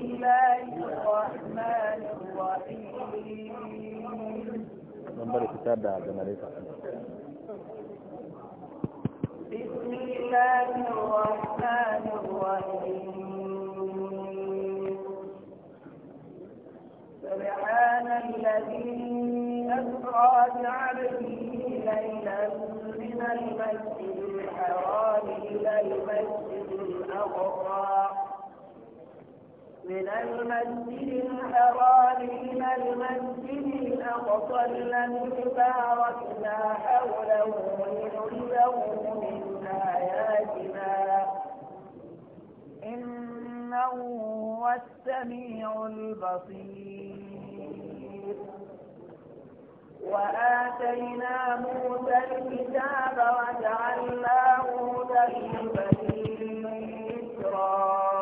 الرحمن الرحيم بسم الله الرحمن الرحيم سبحان الذي أسرى بعبده ليلا من المسجد الحرام إلى المسجد الأقصى من المسجد الحرام إلى المسجد الأقصى الذي باركنا حوله لنريه من آياتنا إنه هو السميع البصير وآتينا موسى الكتاب وجعلناه هدى لبني إسرائيل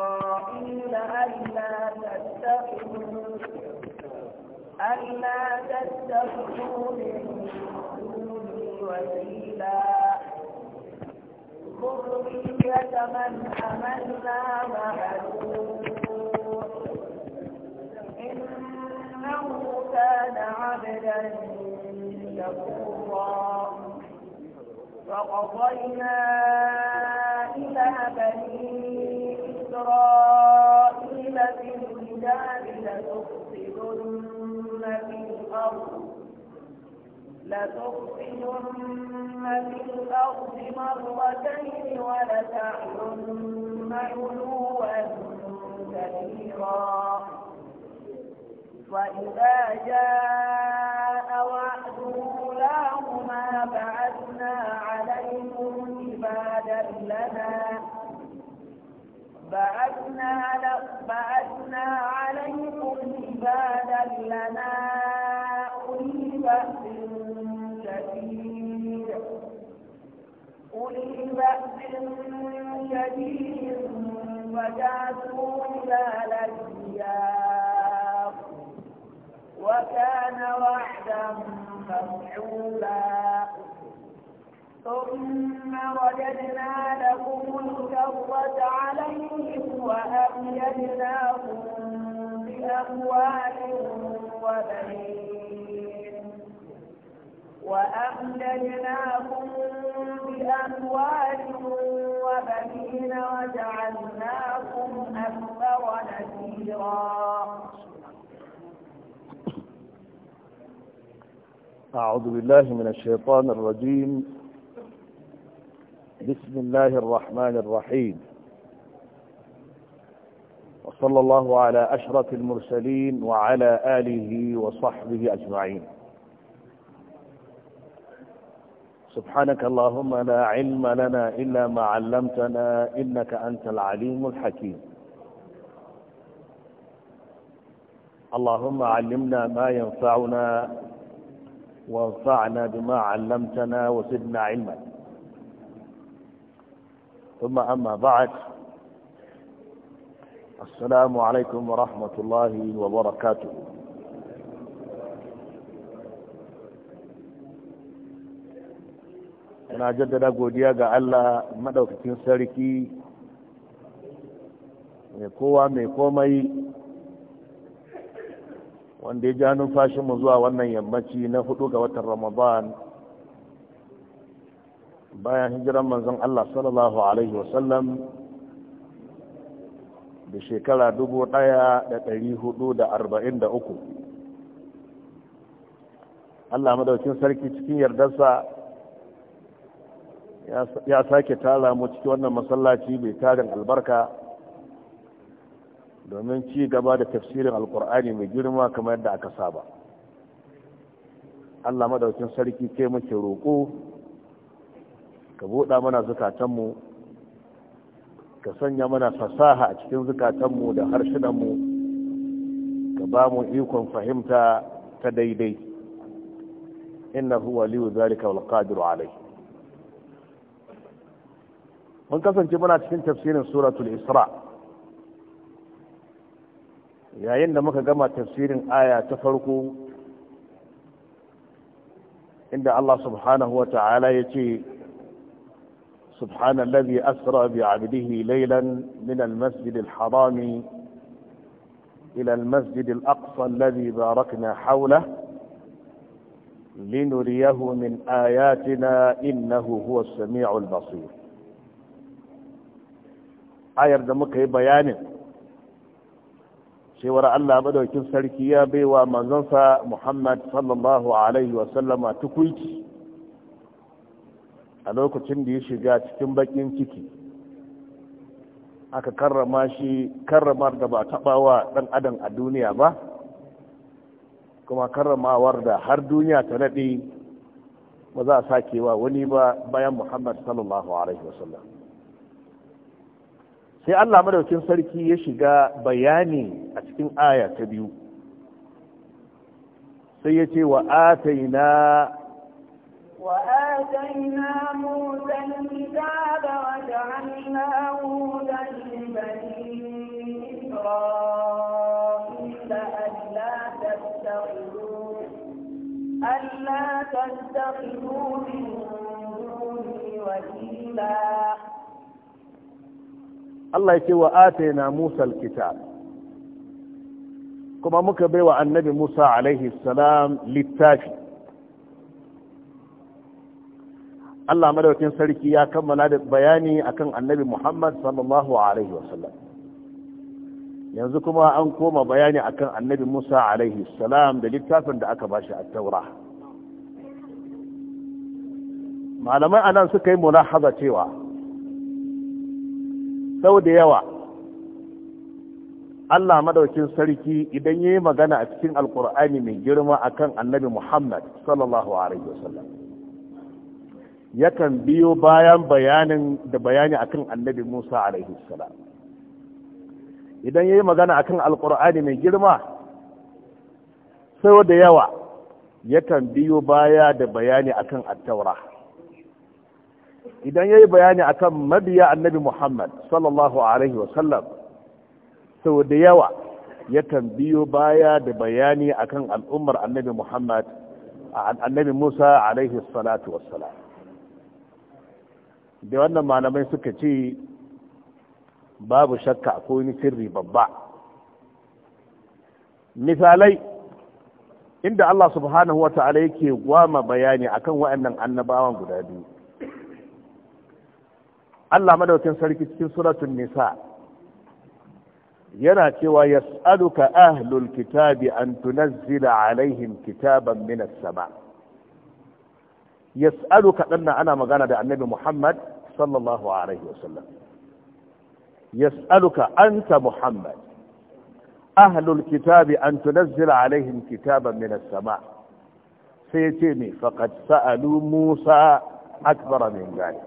ألا تتخذوا من دوني وكيلا ذرية من حملنا مع إنه كان عبدا شكورا فقضينا إلى بني إسرائيل قيل في الكتاب لتفسدن في الأرض لتفسدن في الأرض مرتين ولتعلن علوا كبيرا وإذا جاء وعد أولاهما بعثنا عليكم عبادا لنا بعثنا, بعثنا عليكم عبادا لنا أولي بأس شديد أولي بأس شديد وجعلوا الى الديار وكان وعدا مفعولا ثم رددنا لكم الكرة عليهم وأبيدناهم بأموال وبنين وأمددناهم بأموال وبنين وجعلناكم أكثر نذيرا أعوذ بالله من الشيطان الرجيم بسم الله الرحمن الرحيم وصلى الله على أشرف المرسلين وعلى آله وصحبه أجمعين سبحانك اللهم لا علم لنا إلا ما علمتنا إنك أنت العليم الحكيم اللهم علمنا ما ينفعنا وانفعنا بما علمتنا وزدنا علما ثم أما بعد السلام عليكم ورحمة الله jaddada godiya ga Allah madaukakin sarki mai kowa mai komai wanda ya ja numfashinmu zuwa wannan yammaci na hudu ga watan ramadan bayan hijiran manzon Allah sallallahu alaihi wasallam da shekara 1443 Allah madaukin sarki cikin yardarsa ya sake tara mu cikin wannan masallaci mai tarin albarka domin ci gaba da tafsirin alkur'ani mai girma kamar yadda aka saba Allah madaukin sarki ke muke roƙo ka buɗa mana zukatanmu ka sanya mana fasaha a cikin zukatanmu da harshenmu ka ba mu ikon fahimta ta daidai innahu waliyu zalika wal qadiru alai mun kasance muna cikin tafsirin suratul isra yayin da muka gama tafsirin aya ta farko inda Allah subhanahu wa ta'ala ya ce سبحان الذي أسرى بعبده ليلا من المسجد الحرام إلى المسجد الأقصى الذي باركنا حوله لنريه من آياتنا إنه هو السميع البصير آية دمك بيان شورا الله بدو يكون سركيا بي محمد صلى الله عليه وسلم تكويتي a lokacin da ya shiga cikin bakin ciki aka karrama shi karramar da ba taɓa wa ɗan adam a duniya ba kuma karramawar da har duniya ta naɗe ba za a sake wa wani ba bayan muhammad sallallahu alaihi wasallam sai allah madaukin sarki ya shiga bayani a cikin aya ta biyu sai ya ce wa ataina wa آتينا موسى الكتاب وجعلناه هودا لبني إسرائيل ألا تتخذوا ألا تتخذوا من وكيلا الله يقول آتينا موسى الكتاب كما مكبر عن النبي موسى عليه السلام للتاجد Allah madaukin sarki ya kammala da bayani akan annabi Muhammad sallallahu alaihi wasallam yanzu kuma an koma bayani akan annabi Musa alaihi salam da littafin da aka bashi a taura malamai anan suka yi mulahaza cewa sau da yawa Allah madaukin sarki idan ya yi magana a cikin alkur'ani mai girma akan annabi Muhammad sallallahu alaihi wasallam yakan biyo bayan bayanin da bayani akan annabi Musa alaihi salam idan yayi magana akan alqur'ani mai girma sau da yawa yakan biyo baya da bayani akan at-taura idan yayi bayani akan mabiya annabi Muhammad sallallahu alaihi wasallam sau da yawa yakan biyo baya da bayani akan al'ummar annabi Muhammad annabi Musa alaihi salatu wassalam da wannan malamai suka ce babu shakka ko wani sirri babba misalai inda Allah subhanahu wata'ala yake gwama bayani akan waɗannan annabawan guda biyu Allah madaukin sarki cikin suratun nisa yana cewa yas'aluka ahlul kitabi an tunazzila alaihim kitaban minas sama' kaɗan na ana magana da annabi Muhammad sallallahu alaihi wasallam yas'aluka anta Muhammad ahlul kitabi an tunazzila alaihim kitaban min sama sai yace ne faqad sa'alu Musa akbara min dhalik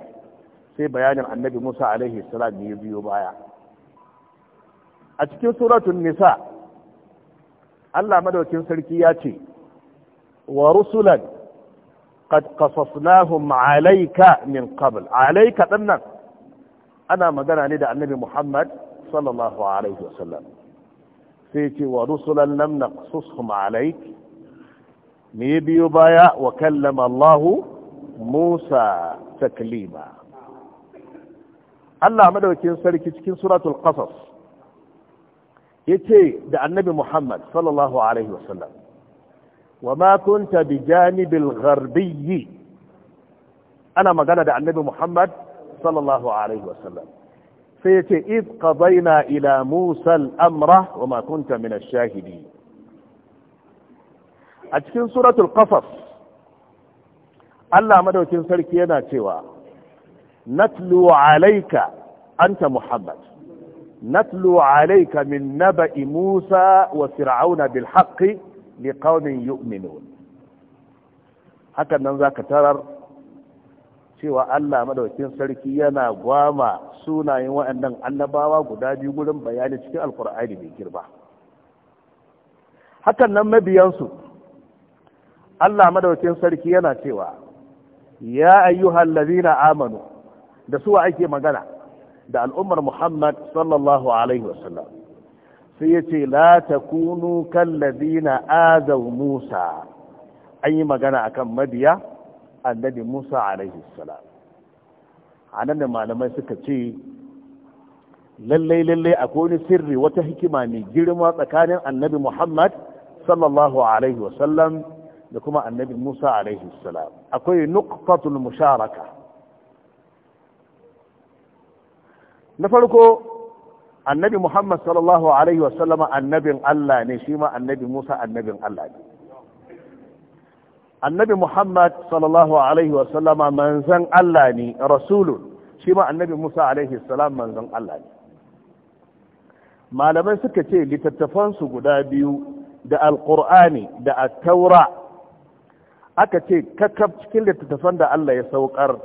sai bayanin annabi Musa alaihi salam ne biyo baya a cikin suratun nisa Allah madaukin sarki ya ce wa rusulan qad qasasnahum alayka min qabl alayka dinnan ana magana ne da annabi Muhammad sallallahu alaihi wasallam sai ce wa rusulan lam naqsushum alayk me biyo baya wa kallama Musa taklima Allah madaukin sarki cikin suratul qasas yace da annabi Muhammad sallallahu alaihi wasallam وما كنت بجانب الغربي أنا ما مقالة عن النبي محمد صلى الله عليه وسلم فيتي إذ قضينا إلى موسى الأمر وما كنت من الشاهدين أتكين سورة القصص الله تنسلك سلكينا توا نتلو عليك أنت محمد نتلو عليك من نبأ موسى وفرعون بالحق liqaumin yu'minun hakan nan zaka tarar cewa Allah Madaukin sarki yana gwama sunayen waɗannan annabawa guda biyu gurin bayani cikin alkur'ani mai girba. hakan nan mabiyansu Allah Madaukin sarki yana cewa ya ayyuhal ladina amanu da suwa ake magana da al'ummar Muhammad sallallahu alaihi wasallam sai ya ce la takunu kallazina azau Musa an yi magana akan mabiya annabi Musa alaihi salam anan malamai suka ce lallai lallai akwai wani sirri wata hikima mai girma tsakanin annabi Muhammad sallallahu alaihi wasallam da kuma annabi Musa alaihi salam akwai nuqtatul musharaka na farko annabi Muhammad sallallahu alaihi wasallama annabin Allah ne shi ma annabi Musa annabin Allah ne annabi Muhammad sallallahu alaihi wasallama manzan Allah ne rasulun shi ma annabi Musa alaihi salam manzan Allah ne malamai suka ce littattafansu guda biyu da alqur'ani da at aka ce kakaf cikin littattafan da Allah ya saukar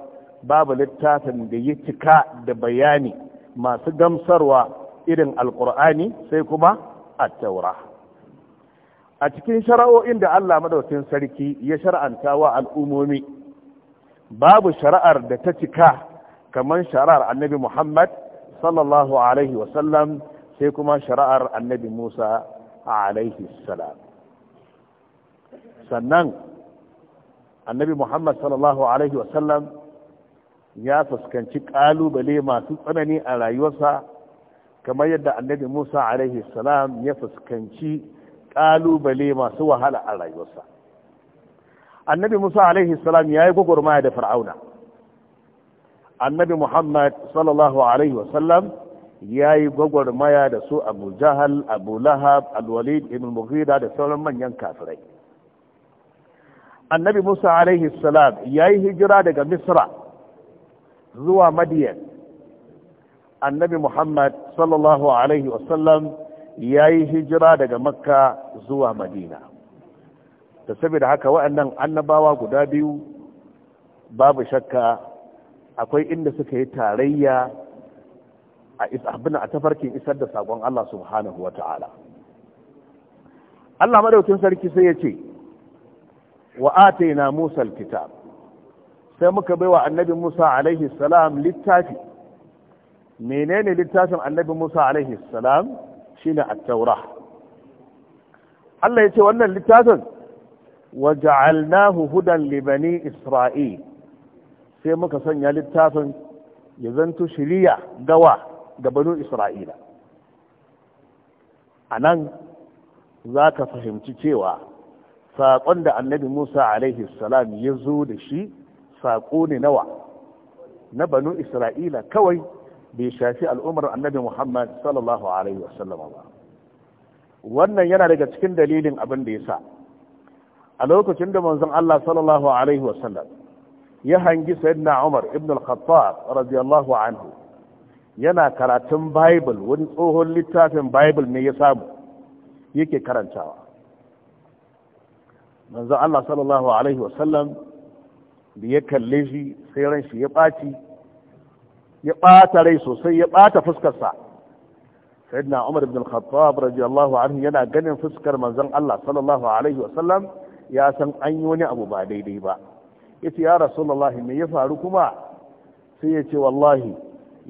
babu littafin da ya cika da bayani masu gamsarwa irin alkur'ani sai kuma attaura a cikin shara'o'in da Allah madaukin sarki ya shar'anta wa al'umomi babu shara'ar da ta cika kamar shara'ar annabi Muhammad sallallahu alaihi wasallam sai kuma shara'ar annabi Musa alaihi salam sannan annabi Muhammad sallallahu alaihi wasallam ya fuskanci ƙalubale masu tsanani a rayuwarsa kamar yadda annabi musa alaihi salam ya fuskanci ƙalubale masu wahala a rayuwarsa annabi musa alaihi salam ya yi gwagwarmaya da fir'auna annabi muhammad sallallahu alaihi wasallam ya yi gwagwarmaya da su abu jahal abu lahab alwalid ibn mughira da sauran manyan kafirai annabi musa alaihi salam ya yi hijira daga misra zuwa madiyan annabi muhammad sallallahu alaihi wasallam ya yi hijira daga makka zuwa madina da saboda haka waɗannan annabawa guda biyu babu shakka akwai inda suka yi tarayya a abin a tafarkin isar da saƙon Allah subhanahu wa ta'ala Allah madaukin sarki sai ya ce wa atayna Musa alkitab sai muka baiwa annabi Musa alaihi salam littafi menene littafin annabi Musa alaihi salam shine at-taura Allah ya ce wannan littafin waja'alnahu hudan li bani isra'il sai muka sanya littafin ya zanto shiriya gawa ga banu isra'ila anan za ka fahimci cewa saƙon da annabi Musa alaihi salam ya zo da shi saƙo ne nawa na banu isra'ila kawai bai shafi al'ummar annabi Muhammad sallallahu alaihi wasallam ba wannan yana daga cikin dalilin abin da ya sa a lokacin da manzon Allah sallallahu alaihi wasallam ya hangi sayyidina Umar ibn al-Khattab radiyallahu anhu yana karatun Bible wani tsohon littafin Bible ne ya samu yake karantawa manzon Allah sallallahu alaihi wasallam da ya kalle shi sai ran shi ya ɓaci ya ɓata rai sosai ya ɓata fuskarsa sayyidina umar ibn al-khattab radiyallahu anhu yana ganin fuskar manzon Allah sallallahu alaihi wa sallam ya san an yi wani abu ba daidai ba yace ya rasulullahi me ya faru kuma sai ya ce wallahi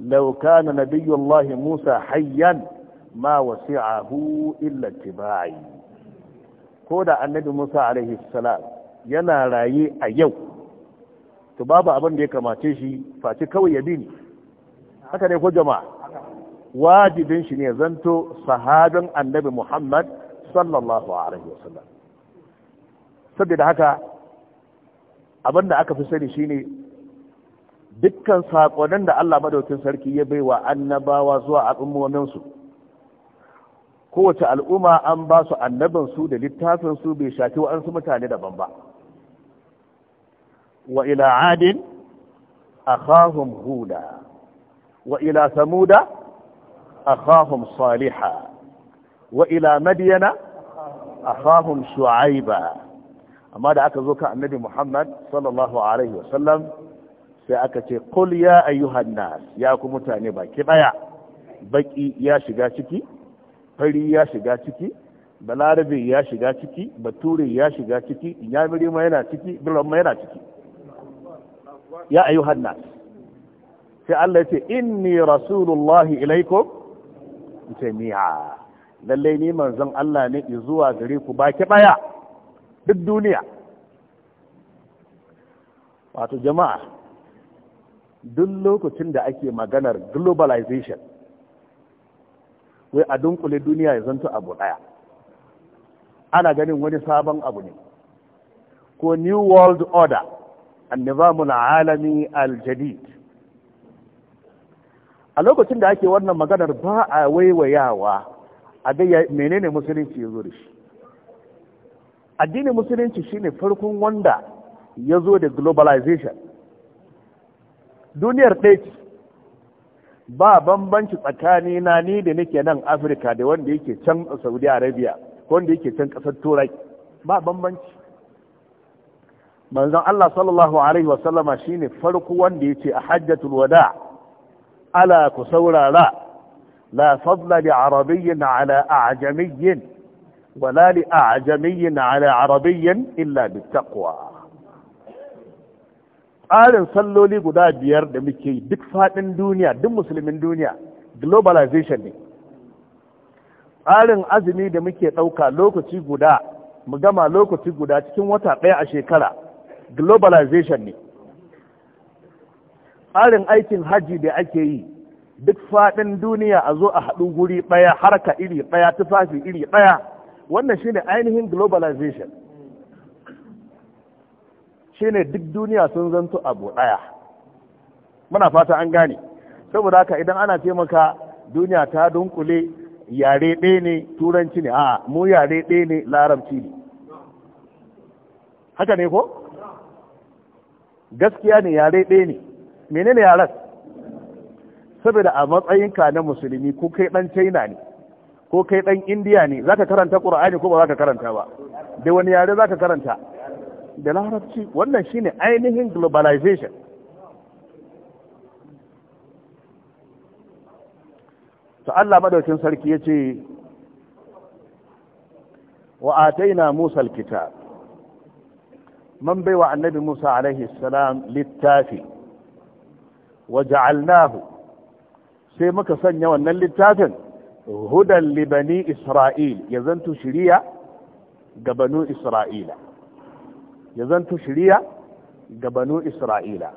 law kana nabiyullahi musa hayyan ma wasi'ahu illa tibai ko da annabi musa alaihi salam yana raye a yau to babu abin da ya kamace shi face kawai ya bi ni haka ne ko jama'a wajibin shi ne zanto sahabin annabi Muhammad sallallahu alaihi wasallam saboda haka abinda aka fi sani shine dukkan saƙonin da Allah madaukin sarki ya baiwa annabawa zuwa al'ummominsu kowace al'umma an ba su annabinsu da su bai shafi wa'ansu mutane daban ba wa ila adin akhahum huda wa ila samuda akhahum saliha wa ila madiyana akhahum shu'aiba amma da aka zo ka annabi Muhammad sallallahu alaihi wa sallam sai aka ce qul ya ayyuhan nas ya ku mutane baki ɗaya. baki ya shiga ciki fari ya shiga ciki balarabe ya shiga ciki Baturi ya shiga ciki inyamiri yana ciki biran yana ciki ya ayyuhan nas sai Allah ya ce inni rasulullahi ilaikum jami'a lallai ni manzon Allah ne zuwa gare ku baki daya duk duniya wato jama'a duk lokacin da ake maganar globalization wai a dunkule duniya ya zanto abu daya ana ganin wani sabon abu ne ko new world order na alami aljadid a lokacin da ake wannan maganar ba a waiwayawa a ga menene musulunci ya zo da shi addinin musulunci shine farkon wanda ya zo da globalization duniyar ɗaya ce ba bambanci tsakani na ni da nake nan afirka da wanda yake can saudi arabia wanda yake can ƙasar turai ba bambanci manzon allah sallallahu alaihi wasallama shine farko wanda ya ce a hajjatul wada' ala ku saurara لا فضل لعربي على أعجمي ولا wala على عربي إلا بالتقوى illa bi لي tsarin salloli guda biyar da muke yi duk faɗin duniya duk musulmin duniya globalization ne tsarin azumi da muke ɗauka lokaci guda mu gama lokaci guda cikin wata ɗaya a shekara globalization ne tsarin aikin hajji da ake yi duk faɗin duniya a zo a haɗu guri ɗaya harka iri ɗaya tufafi iri ɗaya wannan shine ainihin globalization shine duk duniya sun zanto abu ɗaya muna fata an gane saboda haka idan ana ce maka duniya ta dunkule yare ɗaya ne turanci ne a'a mu yare ɗaya ne larabci ne haka ne ko gaskiya ne yare ɗaya ne menene yaran saboda a matsayinka na musulmi ko kai dan china ne ko kai dan indiya ne zaka karanta qur'ani ko ba zaka karanta ba da wani yare zaka karanta da larabci wannan shine ainihin globalization to Allah madaukin sarki yace wa ataina Musa al-kitab man baiwa annabi Musa alaihi salam littafi waja'alnahu sai muka sanya wannan littafin hudan li isra'il ya zanto shiriya ga banu isra'ila ya zanto shiriya ga banu isra'ila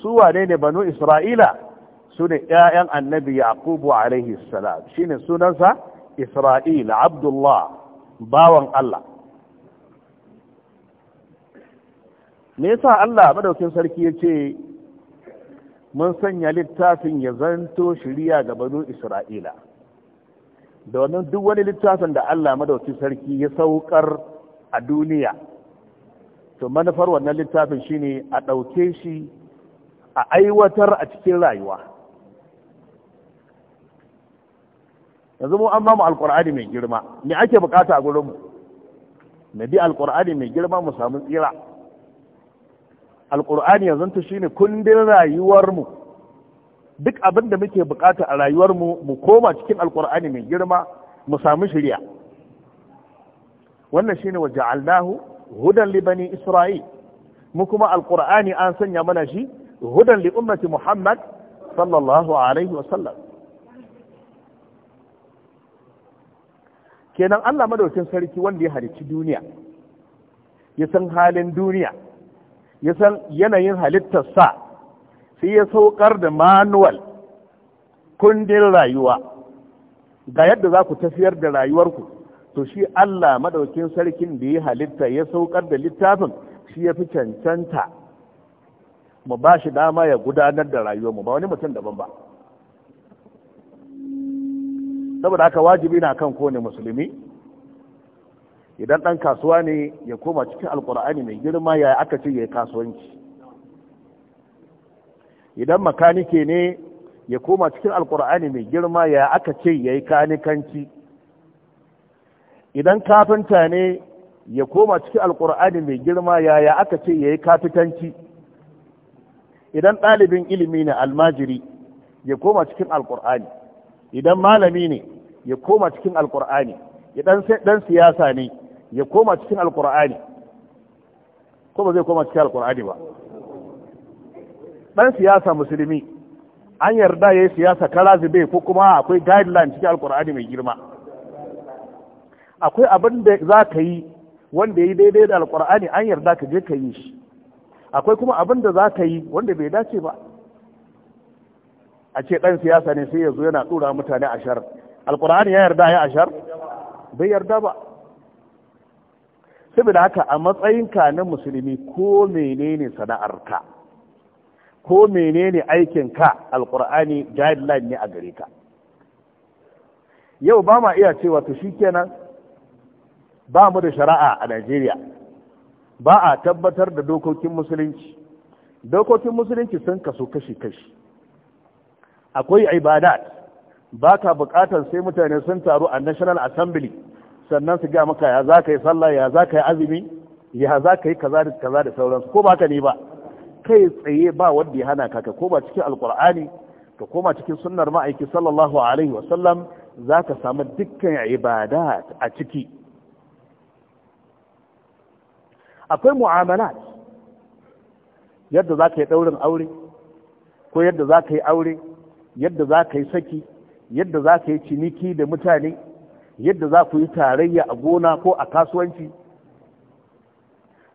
su wane ne banu isra'ila su ne ƴaƴan annabi yaqubu alaihi salam shine sunansa isra'il abdullah bawan allah me yasa allah madaukin sarki ya ce mun sanya littafin ya zanto shiriya ga banu isra'ila domin duk wani littafin da allah madauki sarki ya saukar a duniya to manufar wannan littafin shine a ɗauke shi a aiwatar a cikin rayuwa yanzu mu an bamu alkur'ani mai girma me ake bukata a gurinmu na bi alkur'ani mai girma mu samu tsira alƙur'ani ya zanta shine kundin rayuwarmu duk abin da muke bukata a rayuwarmu mu koma cikin alƙur'ani mai girma mu samu shirya wannan shine wa ja'alnahu hudan li bani isra'il mu kuma alƙur'ani an sanya mana shi hudan li ummati muhammad sallallahu alaihi wa sallam kenan Allah madaukin sarki wanda ya halicci duniya ya san halin duniya ya san yanayin halittarsa sai ya saukar da manuwal kundin rayuwa ga yadda za ku tafiyar da rayuwarku to shi Allah madaukin sarkin da ya halitta ya saukar da littafin shi ya fi cancanta mu ba shi dama ya gudanar da rayuwar mu ba wani mutum daban ba saboda haka wajibi na kan kowane musulmi idan ɗan kasuwa ne ya koma cikin alkur'ani mai girma ya aka ce ya yi kasuwanci idan makanike ne ya koma cikin alkur'ani mai girma ya aka ce ya yi kanikanci idan kafinta ne ya koma cikin alkur'ani mai girma ya aka ce ya yi kafitanci idan ɗalibin ilimi ne almajiri ya koma cikin alkur'ani idan malami ne ya koma cikin alkur'ani idan ɗan siyasa ne ya koma cikin alkur'ani ko ba zai koma cikin alkur'ani ba dan siyasa musulmi an yarda ya siyasa karazi zube ko kuma akwai guideline cikin alkur'ani mai girma akwai abin da za ka yi wanda ya yi daidai da alkur'ani an yarda ka je ka yi shi akwai kuma abin da za ka yi wanda bai dace ba a ce ɗan siyasa ne sai ya yana tura mutane ashar alkur'ani ya yarda ya ashar bai yarda ba saboda haka a matsayinka na musulmi ko menene sana'arka ko menene aikinka alkur'ani guideline ne a gare ka yau ba ma iya cewa to kenan ba mu da shari'a a Najeriya ba a tabbatar da dokokin musulunci dokokin musulunci sun kaso kashi-kashi akwai ibadat ba ka bukatar sai mutane sun taru a national assembly sannan su gaya maka ya za ka yi sallah ya za ka yi azumi ya za ka yi kaza da kaza da sauransu ko ba ka ne ba kai tsaye ba wanda ya hana ka ko ba cikin alkur'ani ka koma cikin sunnar ma'aiki sallallahu alaihi wasallam za ka samu dukkan ibada a ciki akwai mu'amala yadda za ka yi ɗaurin aure ko yadda za ka yi aure yadda za ka yi saki yadda za ka yi ciniki da mutane yadda za ku yi tarayya a gona ko a kasuwanci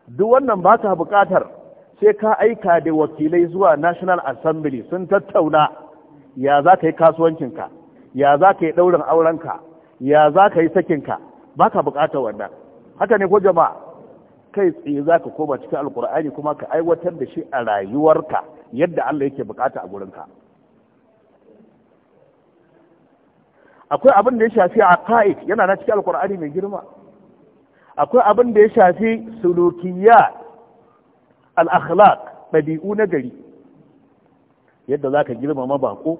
duk wannan ba ka buƙatar sai ka aika da wakilai zuwa national assembly sun tattauna ya za ka yi kasuwancinka ya za ka yi ɗaurin aurenka ya za ka yi sakinka ba ka buƙatar wannan haka ne ko jama'a kai tsaye za ka koma cikin alkur'ani kuma ka aiwatar da shi a rayuwarka yadda allah yake bukata a gurinka akwai abin da ya shafi a ka'id yana na cikin alkur'ani mai girma akwai abin da ya shafi sulukiya al ɗabi'u ɗabi'u na gari yadda za ka girmama bako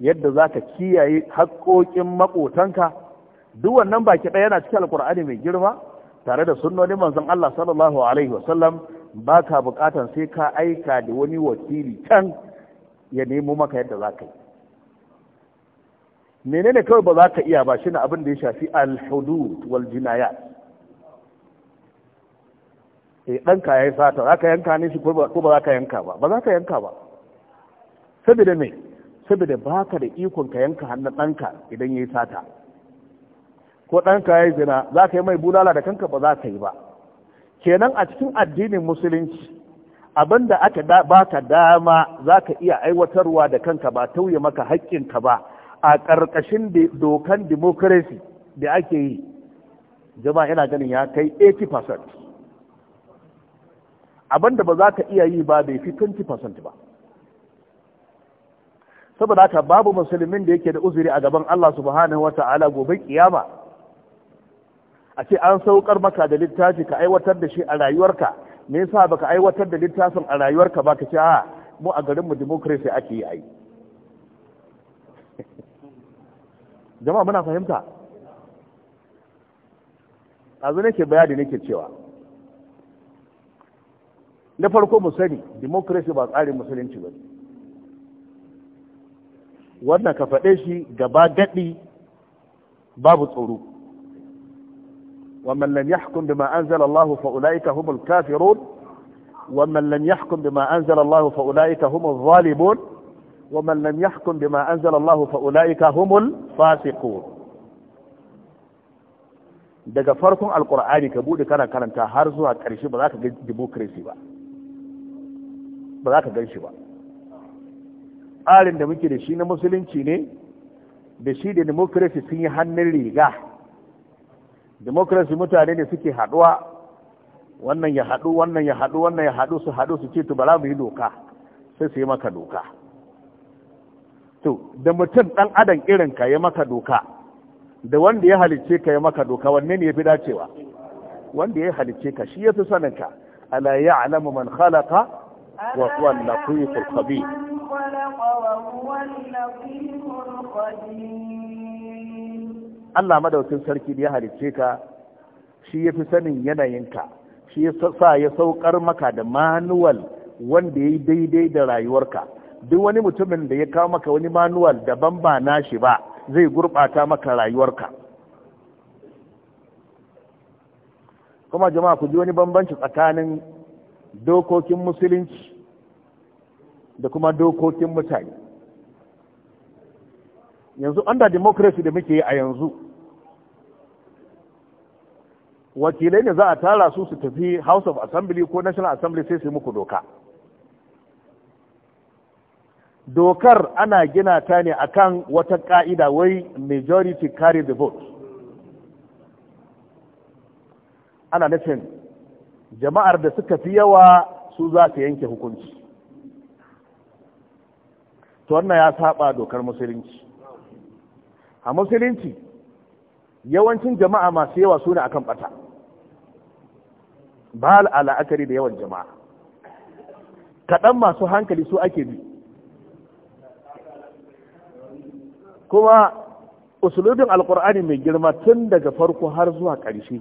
yadda za ka kiyaye haƙoƙin maƙotanka duk wannan baki ɗaya yana cikin alkur'ani mai girma tare da sunnonin manzon Allah sallallahu alaihi wasallam ba ka buƙatan sai ka aika da wani wakili can ya nemo maka yadda za ka yi menene kawai ba za ka iya ba shi na abin da ya shafi al-hudud wal jinaya eh dan ka yayi sata za ka yanka ne shi ko ba za ka yanka ba ba za ka yanka ba saboda me saboda baka da ikon ka yanka hannun danka idan yayi sata ko ɗanka ya zina za ka yi mai bulala da kanka ba za ka yi ba kenan a cikin addinin musulunci abin da aka ba ka dama za ka iya aiwatarwa da kanka ba tauye maka haƙƙinka ba a ƙarƙashin dokan democracy da ake yi jama'a yana ganin ya kai 80% abinda ba za ka iya yi ba bai fi 20% ba saboda haka babu musulmin da yake da uzuri a gaban Allah subhanahu wa ta'ala gobe kiyama a ce an saukar maka da littafi ka aiwatar da shi a rayuwarka me yasa baka aiwatar da littafin a rayuwarka ba ka ce a mu a garinmu mu democracy ake yi ai jama'a muna fahimta azu nake bayani nake cewa na farko mu sani democracy ba tsarin musulunci ba wannan ka faɗe shi gaba gaɗi babu tsoro ومن لم يحكم بما أنزل الله فأولئك هم الكافرون ومن لم يحكم بما أنزل الله فأولئك هم الظالمون ومن لم يحكم بما أنزل الله فأولئك هم الفاسقون daga farkon alqur'ani ka bude kana karanta har zuwa ƙarshe ba za ka ga democracy ba ba za ka gan shi ba tsarin da muke da shi na musulunci ne da shi da democracy sun yi hannun riga democracy mutane ne suke haɗuwa wannan ya haɗu wannan ya haɗu wannan ya haɗu su haɗu su ce to ba za mu yi doka sai su yi maka doka to da mutum dan adam irin ka ya maka doka da wanda ya halicce ka ya maka doka wanne ne ya fi dacewa wanda ya halicce ka shi ya fi sanin ka ala ya'lamu man khalaqa wa huwa al-latiful Allah madaukin sarki da ya halicce ka shi ya fi sanin yanayinka shi ya sa ya saukar maka da manuwal wanda ya yi daidai da rayuwarka duk wani mutumin da ya kawo maka wani manuwal daban ba nashi ba zai gurɓata maka rayuwarka kuma jama'a ku ji wani bambanci tsakanin dokokin musulunci da kuma dokokin mutane yanzu under democracy da muke yi a yanzu wakilai ne za a tara su su tafi house of assembly ko national assembly sai su yi muku doka dokar ana gina ta ne akan wata ka'ida wai majority carry the vote ana nufin jama'ar da suka fi yawa su za su yanke hukunci to wannan ya saba dokar musulunci a musulunci yawancin jama'a masu yawa su ne akan bata ba al'akari da yawan jama'a kaɗan masu hankali su ake bi kuma usulubin alkur'ani mai girma tun daga farko har zuwa ƙarshe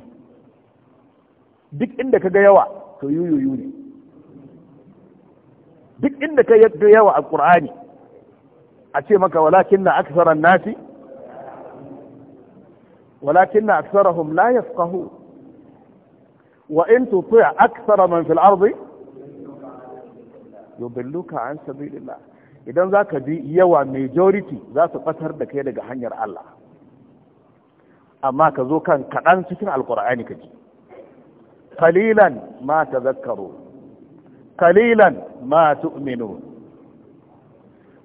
duk inda ka ga yawa to yuyuyu ne duk inda ka ga yawa alkur'ani a ce maka walakin na aksaran nasi walakin na aksarahum la yafqahu wa in tuti' aksara man fil ardi yudilluka an sabilillah idan za ka bi yawa majority za su fatar da kai daga hanyar Allah amma ka zo kan kaɗan cikin alkur'ani ka ji kalilan ma ta zakaro kalilan ma tu'minu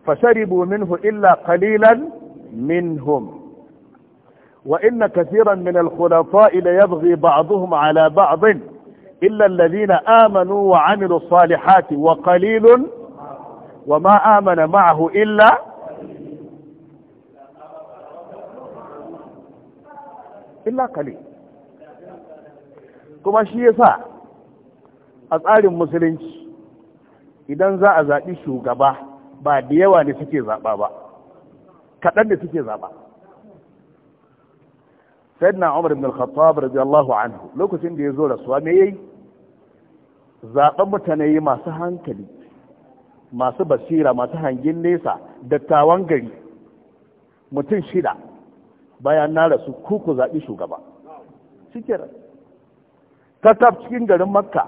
fasharibu minhu illa kalilan minhum wa inna min وإن كثيرا من الخلفاء ليبغي بعضهم على بعض إلا الذين آمنوا وعملوا wa qalilun wa ma amana ma'ahu illa illa kuma shi yasa a tsarin musulunci idan za a zaɓi shugaba ba da yawa ne suke zaɓa ba kaɗan ne suke zaɓa na umar ibn al-khattab radiyallahu anhu lokacin da ya zo rasuwa me yayi zaɓen mutane masu hankali masu basira masu hangin nesa dattawan gari mutum shida bayan na rasu kuku zaɓi shugaba shikenan kakab cikin garin makka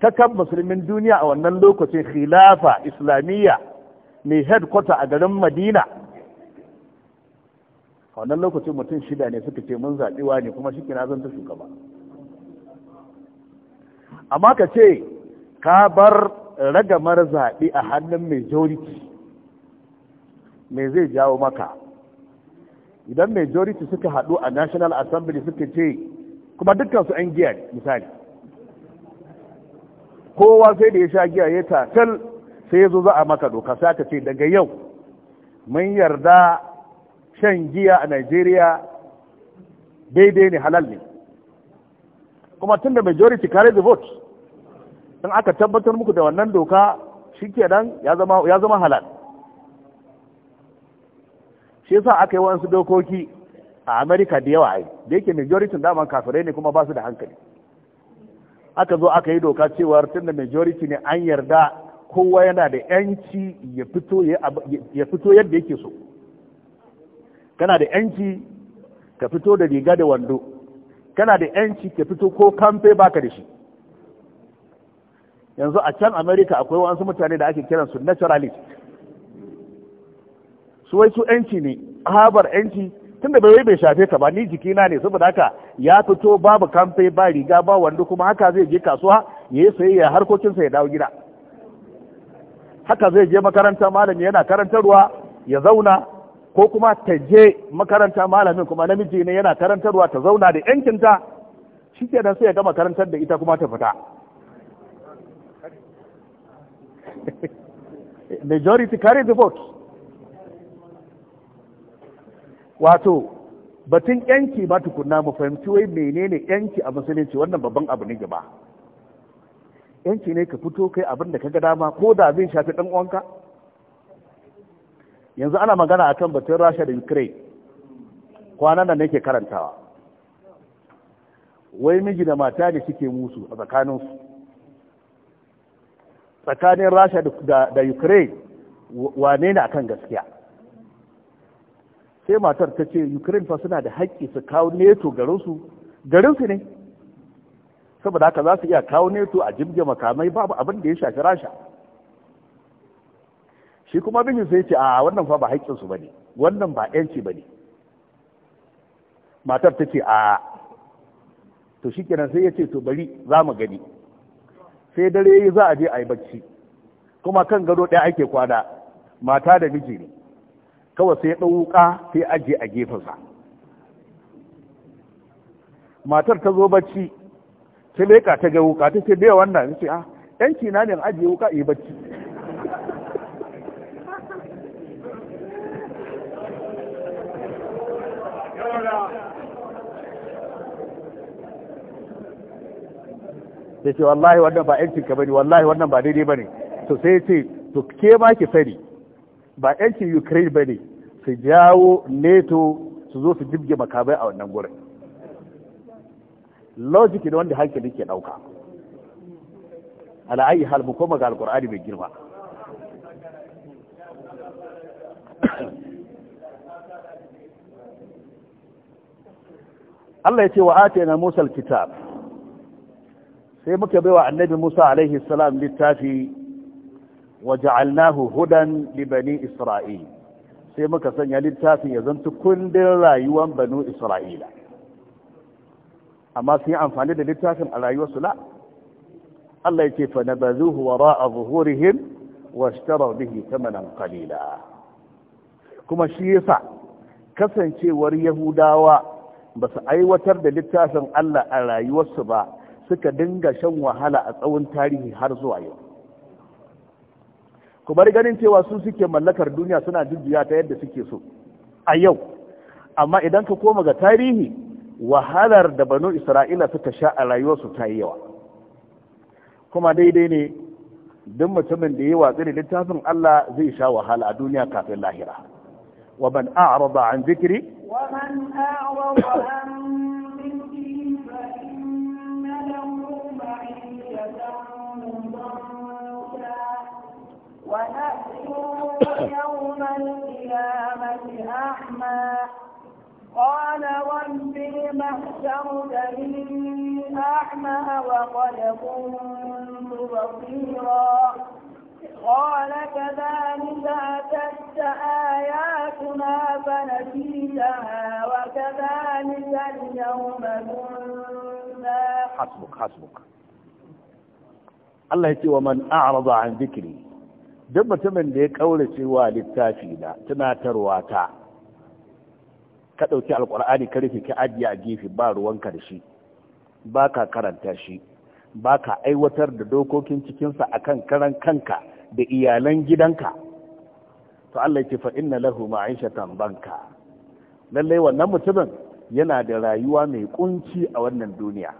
ta kakab musulmin duniya a wannan lokacin khilafa islamiyya mai headquarter a garin madina a wannan lokacin mutum shida ne suka ce mun zaɓiwa ne kuma shi kina zanta shugaba amma ka ce ka bar Raga ragamar zaɓi a hannun majority me zai jawo maka idan majority suka haɗu a national assembly suka ce kuma dukkan su 'yan giya misali kowa sai da ya sha giya ya tatal sai ya zo za a maka doka sai aka ce daga yau mun yarda shan giya a Najeriya daidai ne halal ne kuma tun da majority carry the vote in aka tabbatar muku da wannan doka shikenan ke nan ya zama halal shi yasa aka yi wa'ansu dokoki a America da yawa ai da yake majority daman kafirai ne kuma basu su da hankali aka zo aka yi doka cewar da majority ne an yarda kowa yana da yanci ya fito yadda yake so kana da yanci ka fito da riga da wando kana da yanci ka fito ko kamfe baka da shi yanzu a can america akwai wasu mutane da ake kiransu naturalist su wai su yanci ne habar yanci tun da bai bai shafe ka ba ni jikina ne saboda haka ya fito babu kamfe ba riga ba wanda kuma haka zai je kasuwa ya yi sayayya harkokinsa ya dawo gida haka zai je makaranta malami yana karantarwa ya zauna ko kuma ta je makaranta malamin kuma namiji ne yana karantarwa ta zauna da yankinta shi kenan sai ya gama karantar da ita kuma ta fita majority carry the vote wato batun yanki ba tukuna mu fahimci wai menene yanki a musulunci wannan babban abu ne gaba yanki ne ka fito kai abin da kaga dama ko da zai shafi dan uwanka yanzu ana magana akan batun Rasha da Ukraine Kwana nan nake karantawa wai miji da mata ne suke musu a tsakaninsu tsakanin rasha da ukraine wane ne akan gaskiya sai matar ta ce ukraine fa suna da haƙƙi su kawo neto garinsu garinsu ne saboda haka za su iya kawo neto a jimge makamai babu abin da ya shafi rasha shi kuma bin sai ce a wannan fa ba haƙƙinsu ba ne wannan ba yanci ba ne matar ta ce a to shi kenan sai ya ce to bari za mu gani sai dare yi za a je a yi bacci kuma kan gado ɗaya ake kwada mata da miji ne kawai sai ɗauka sai aje a gefensa matar ta zo bacci ta leƙa ta ga wuka ta ce bai wannan ce a ah, yanki na ne ajiye wuka yi bacci Sai ce wallahi wannan ba yancinka ba ne wallahi wannan ba daidai ba ne to sai ce to ke ma ki sani ba yancin ukraine ba ne su jawo neto su zo su jibge makamai a wannan gurin logic ne wanda hankali ke ɗauka ala'ayi hal mu koma ga alkur'ani mai girma Allah ya ce wa na Musa al-kitab sai muka bai wa annabi Musa alaihi salam littafi wa ja'alnahu hudan li bani Isra'il sai muka sanya littafin ya zanta kundin rayuwar banu Isra'ila amma sun yi amfani da littafin a rayuwarsu la Allah ya ce fa nabazuhu wara'a zuhurihim washtaraw bihi thamanan qalila kuma shi yasa kasancewar Yahudawa ba su aiwatar da littafin Allah a rayuwarsu ba suka dinga shan wahala a tsawon tarihi har zuwa yau ku bar ganin cewa su suke mallakar duniya suna jujjuya ta yadda suke so a yau amma idan ka koma ga tarihi wahalar da banu isra'ila suka sha a rayuwarsu ta yi yawa kuma daidai ne duk mutumin da ya watsi da littafin Allah zai sha wahala a duniya kafin lahira wa ban a'rada an zikiri wa ضنكا يوم القيامة أعمى قال رب لم احشرتني أعمى وقد كنت بصيرا قال كذلك أتت آياتنا فنسيتها وكذلك اليوم كنا حسبك حسبك Allah ya ce wa man a'rada an zikri duk mutumin da ya kaurace wa littafi da tunatarwa ta ka dauki alqur'ani ka rufe ka ajiye a gefe ba ruwan karshe ba ka karanta shi ba ka aiwatar da dokokin cikinsa akan karan kanka da iyalan gidanka to Allah ya ce fa inna lahu ma'ishatan banka lallai wannan mutumin yana da rayuwa mai kunci a wannan duniya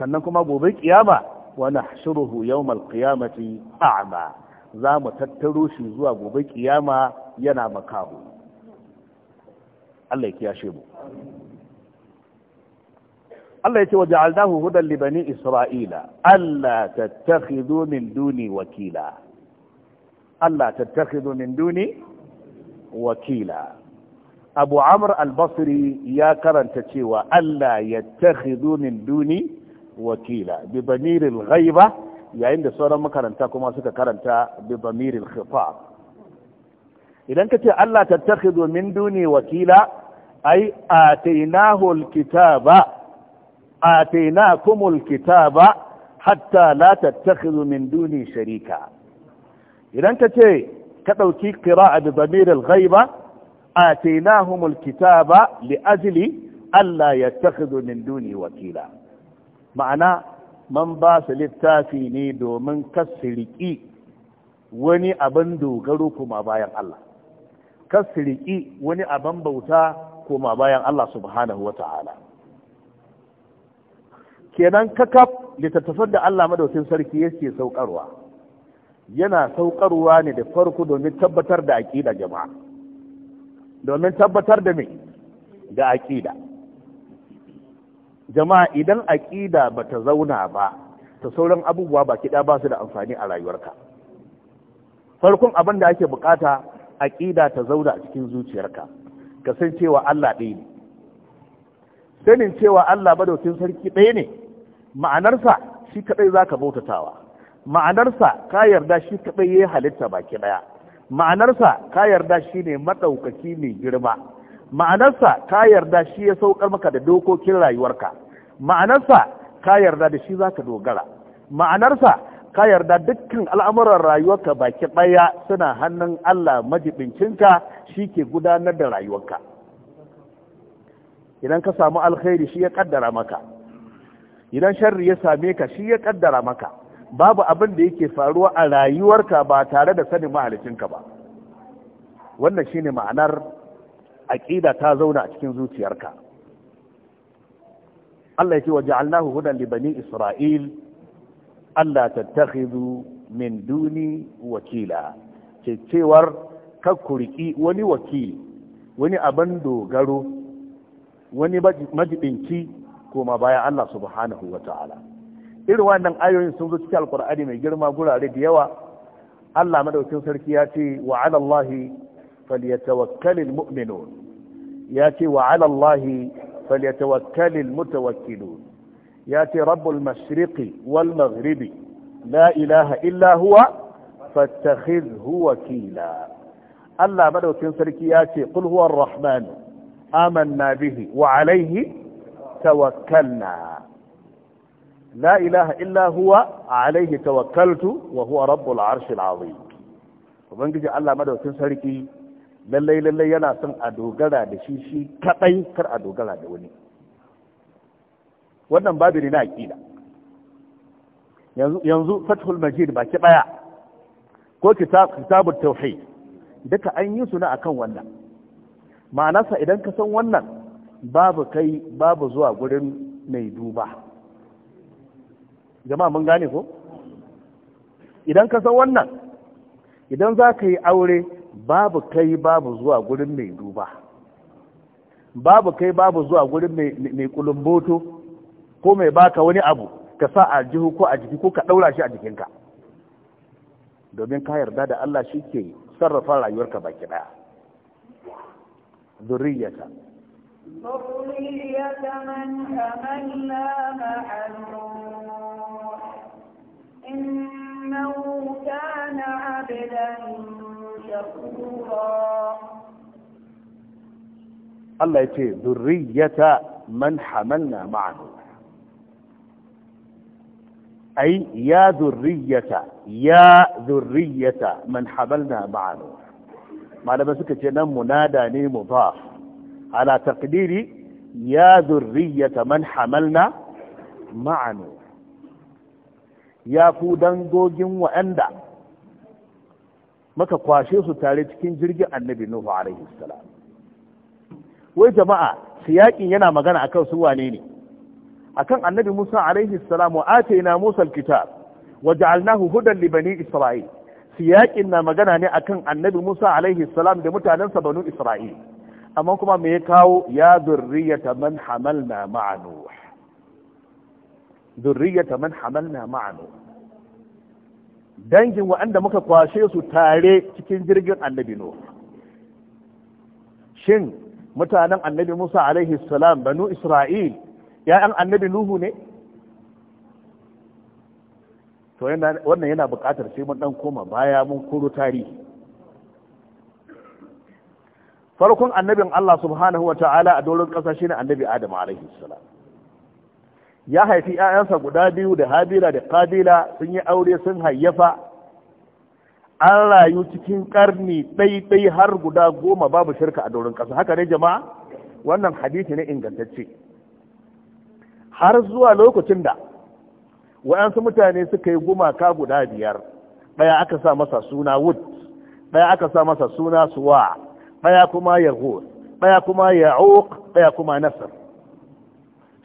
sannan kuma gobe kiyama wa nahshuruhu yawmal qiyamati a'ma za mu tattaro shi zuwa gobe kiyama yana makaho Allah ya kiyashe mu li bani Isra'ila Allah duni wakila Allah tattakhidhu min duni wakila Abu Amr al-Basri ya karanta cewa Allah yattakhidhu duni wakila bi damiril ghaiba yayin da sauran makaranta kuma suka karanta bi damiril khitab idan ka ce Allah tattakhidhu min duni wakila ai atainahu alkitaba atainakum alkitaba hatta la tattakhidhu min duni sharika idan ka ce ka dauki qira'a bi damiril ghaiba atainahum alkitaba li ajli alla yattakhidhu min duni wakila ma'ana man ba su littafi ne domin kassiriki wani abin dogaro kuma bayan Allah kassiriki wani abin bauta kuma bayan Allah subhanahu wa ta'ala kenan kakaf littattafan da Allah madaukin sarki yake saukarwa yana saukarwa ne da farko domin tabbatar da aƙida jama'a domin tabbatar da me da aƙida jama'a idan aƙida ba ta zauna ba ta sauran abubuwa baki kiɗa ba su da amfani a rayuwarka farkon abin da ake bukata aƙida ta zauna a cikin zuciyarka ka san cewa Allah ɗaya ne sanin cewa Allah madaukin sarki ɗaya ne ma'anarsa shi kaɗai za ka bautatawa ma'anarsa ka yarda shi kaɗai ya halitta baki ɗaya ma'anarsa ka yarda shi ne maɗaukaki mai girma ma'anarsa ka yarda shi ya saukar maka da dokokin rayuwarka ma'anarsa ka yarda da shi zaka dogara ma'anarsa ka yarda dukkan al'amuran rayuwarka baki ɗaya suna hannun Allah majibincinka shi ke gudanar da rayuwarka idan ka samu alkhairi shi ya kaddara maka idan sharri ya same ka shi ya kaddara maka babu abin da yake faruwa a rayuwarka ba tare da sanin mahalicinka ba wannan shine ma'anar aqida ta zauna a cikin zuciyarka Allah ya ce wa ja'alnahu hudan li bani isra'il Allah tattakhidhu min duni wakila ce cewar kuriƙi wani wakili wani abin dogaro wani majibinci koma baya Allah subhanahu wa ta'ala irin wannan ayoyin sun zo cikin alkur'ani mai girma gurare da yawa Allah madaukin sarki ya ce wa 'ala Allahi فليتوكل المؤمنون ياتي وعلى الله فليتوكل المتوكلون ياتي رب المشرق والمغرب لا إله إلا هو فاتخذه وكيلا الا بدو تنسرك ياتي قل هو الرحمن آمنا به وعليه توكلنا لا إله إلا هو عليه توكلت وهو رب العرش العظيم وبنجي الله مدى تنسرك lallai lallai yana son a dogara da shi shi kadai kar a dogara da wani wannan babiri na aƙida yanzu fathul majid baki ɗaya ko kitabut tauhid duka an yi suna akan wannan ma'anarsa idan ka san wannan babu kai babu zuwa gurin mai duba jama'a mun gane ko idan ka san wannan idan za ka yi aure babu kai babu zuwa gurin mai duba babu kai babu zuwa gurin mai kulumboto ko mai baka wani abu ka sa a jihu ko a jiki ko ka ɗaura shi a jikinka domin ka yarda da Allah shi ke sarrafa rayuwarka baki ɗaya zuriyata إنه كان Allah ya ce, "Zurriyata man hamalna ma'anu." Ai, ya zurriyata, ya zurriyata man hamalna ma'anu. Malaman suka ce nan munada ne mu ba, ala taqdiri ya zurriyata man hamalna ma'anu. Ya ku dangogin wa'anda. maka kwashe su tare cikin jirgin annabi nuhu alaihi salam wai jama'a siyakin yana magana akan su wane ne akan annabi musa alaihi salam wa atayna musa alkitab wa ja'alnahu hudan li bani isra'il siyakin na magana ne akan annabi musa alaihi salam da mutanen banu isra'il amma kuma me ya kawo ya zurriyata man hamalna ma'a nuh zurriyata man hamalna ma'a nuh dangin waɗanda muka kwashe su tare cikin jirgin annabi Nuh shin mutanen annabi Musa alaihi salam banu Isra'il ya'yan annabi Nuhu ne to wannan yana buƙatar sai mun dan koma baya mun kuro tarihi farkon annabin Allah subhanahu wa ta'ala a doron ƙasa shine annabi Adam alaihi salam ya haifi ‘ya'yansa guda biyu da habila da kabila sun yi aure sun hayyafa an rayu cikin karni ɗaiɗai har guda goma babu shirka a doron ƙasa haka ne jama'a wannan hadisi ne ingantacce har zuwa lokacin da wayansu mutane suka yi gumaka guda biyar ɗaya aka sa masa suna wood ɗaya aka sa masa suna suwa ɗaya kuma yahud ɗaya kuma ya'uq ɗaya kuma nasar.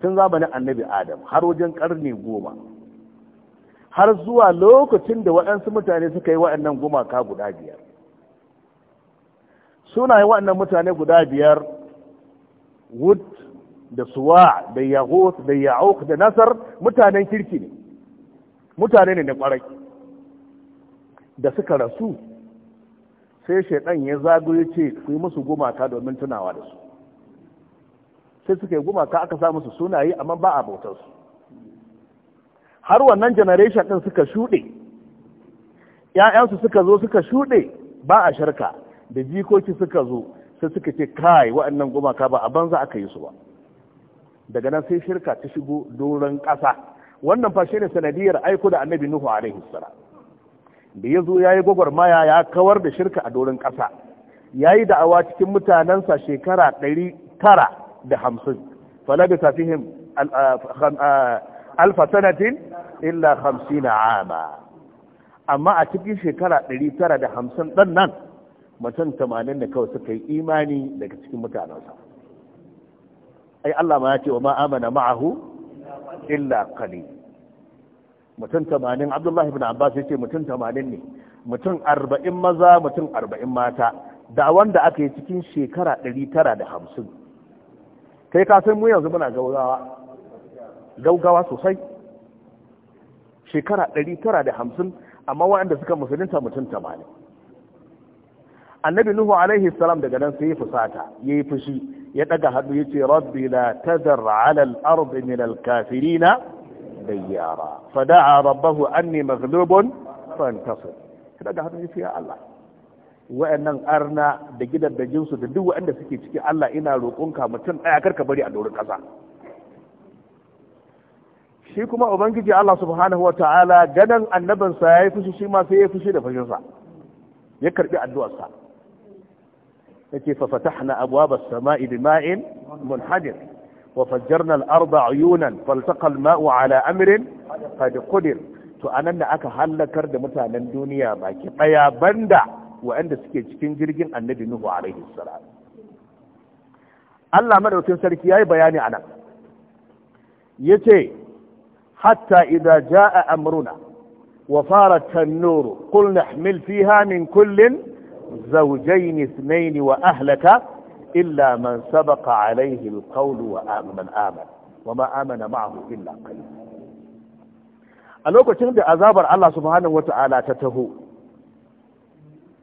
tun zamanin annabi adam har wajen karni goma har zuwa lokacin da waɗansu mutane suka yi waɗannan gumaka guda biyar suna yi waɗannan mutane guda biyar wud da suwa da yahut da ya'uk da nasar mutanen kirki ne mutane ne na ƙwarai da suka rasu sai shaidan ya zagoye ce ku yi musu gumaka domin tunawa da su sai suka yi gumaka aka sa musu sunaye amma ba a bautar su har wannan generation din suka shuɗe ‘ya'yansu suka zo suka shuɗe ba a shirka da jikoki suka zo sai suka ce kai waɗannan gumaka ba a banza aka yi su ba daga nan sai shirka ta shigo doron ƙasa wannan fa shine sanadiyar aiko da annabi nuhu alaihi salam da ya zo ya yi gwagwarmaya ya kawar da shirka a doron ƙasa ya yi da'awa cikin mutanensa shekara ɗari tara da hamsin falabisa fihim ah, ah, alfa sanatin illa hamsina ama amma a cikin shekara ɗari tara da hamsin ɗan nan mutum tamanin da kawai suka yi imani daga cikin mutanen mutanensa ai Allah ma ya ce wa ma amana ma'ahu illa qali mutum tamanin Abdullahi ibn Abbas ya ce mutum tamanin ne mutum arba'in maza mutum arba'in mata da wanda aka yi cikin shekara ɗari tara da hamsin sai ka san mu yanzu muna gaugawa gaugawa sosai shekara ɗari tara da hamsin amma waɗanda suka musulunta mutum tamanin annabi nuhu alaihi salam daga nan sai ya fusata ya yi fushi ya ɗaga hannu ya ce rabbi la tazar ala al-ardi min al-kafirina dayyara fada'a rabbahu anni maghlubun fantasir ya ɗaga hannu ya ce ya Allah wa'annan arna da gidaddajinsu da duk wa'anda suke ciki Allah ina roƙonka mutum ɗaya karka bari a doron ƙasa shi kuma ubangiji Allah subhanahu wa ta'ala ganin annabinsa ya yi fushi shi ma sai ya fushi da fushinsa ya karɓi addu'arsa ya ce fafatahna abwaba sama'i bima'in munhadir wa fajjarna al-arda uyunan faltaqa al-ma'u ala amrin qad qadir to anan da aka halakar da mutanen duniya baki daya banda wa'anda suke cikin jirgin annabi Nuhu alaihi salam Allah madaukin sarki yayi bayani anan yace hatta idza jaa amruna wa farat an-nur qul nahmil fiha min kullin zawjayn ithnayn wa ahlaka illa man sabaqa alayhi al-qawl wa amman amana wa ma amana ma'ahu illa qalil a lokacin da azabar Allah subhanahu wata'ala ta taho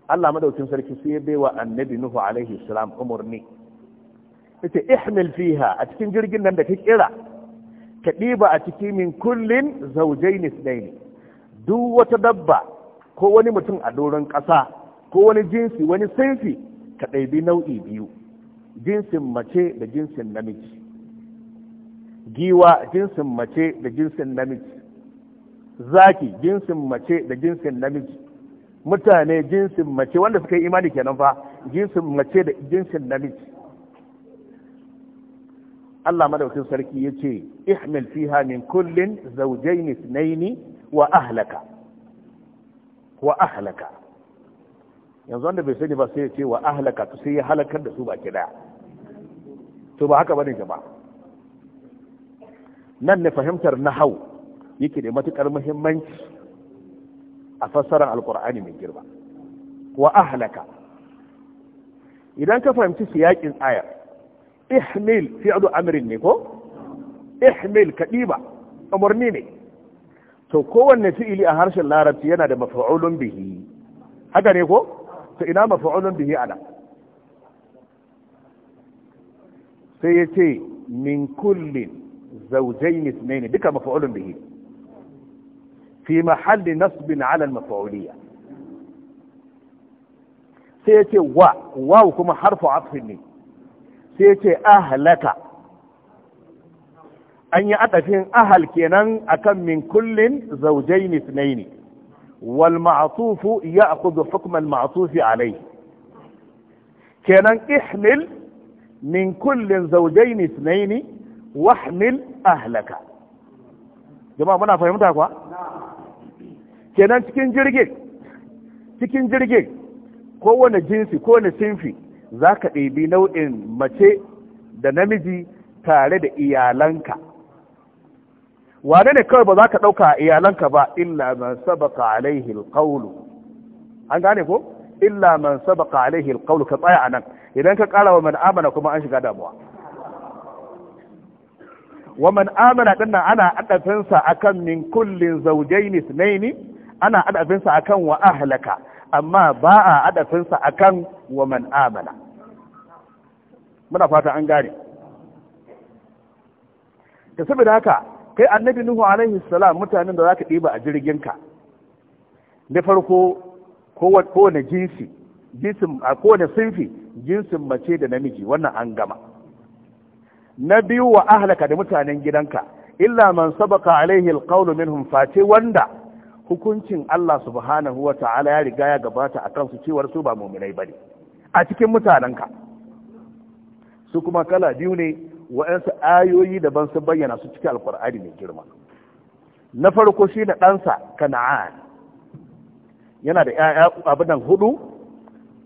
Allah madaukin sarki sai ya baiwa annabi Nuhu alaihi salam umurni yace ihmil fiha a cikin jirgin nan da ka kira ka ɗiba a cikin min kullin zawjayn ithnayn duk wata dabba ko wani mutum a doron ƙasa ko wani jinsi wani sinfi ka ɗaibi nau'i biyu jinsin mace da jinsin namiji giwa jinsin mace da jinsin namiji zaki jinsin mace da jinsin namiji mutane jinsin mace wanda suka yi imani kenan fa jinsin mace da jinsin namiji Allah madaukin sarki ya ce ihmil fiha min kullin zawjayn ithnayn wa ahlaka wa ahlaka yanzu wanda bai sani ba sai ya ce wa ahlaka to sai ya halakar da su baki daya to ba haka bane jama'a nan ne fahimtar nahau yake da matukar muhimmanci a fassarar alkur'ani mai girma wa ahlaka idan ka fahimci siyakin ayar ihmil fi'lu amrin ne ko ihmil kadiba umarni ne to kowanne fi'ili a harshen larabci yana da mafa'ulun bihi haka ne ko to ina mafa'ulun bihi ana sai ya ce min kullin zaujaini ne duka mafa'ulun bihi في محل نصب على المفعولية سيتي و واو كما حرف عطف لي سيتي أهلك أن يأتفين أهل كينان أكم من كل زوجين اثنين والمعطوف يأخذ حكم المعطوف عليه كينان احمل من كل زوجين اثنين واحمل أهلك جماعة ما أنا فهمتها كوا؟ kenan cikin jirgin cikin jirgin kowane jinsi kowane sinfi za ka ɗebi nau'in mace da namiji tare da iyalanka wane ne kawai ba za ka ɗauka iyalanka ba illa man sabaka alaihi alqawlu an gane ko illa man sabaka alaihi alqawlu ka tsaya anan idan ka ƙara wa man amana kuma an shiga damuwa wa man amana dinnan ana addafinsa akan min kullin zawjaini ithnaini ana adafinsa akan wa ahlaka amma ba a adafinsa akan wa man amana muna fata an gane da saboda haka kai annabi nuhu alaihi salam mutanen da za ka ɗiba a jirginka na farko kowane jinsi jinsin a kowane sinfi jinsin mace da namiji wannan an gama na biyu wa ahlaka da mutanen gidanka illa man sabaka alaihi alqawlu minhum face wanda hukuncin Allah subhanahu wa ta'ala ya riga ya gabata a kansu cewar su ba muminai bane a cikin mutanenka su kuma kala biyu ne wa'ansu ayoyi daban sun bayyana su cikin alkur'ani mai girma na farko shi na ɗansa kana'an yana da ‘ya'ya nan hudu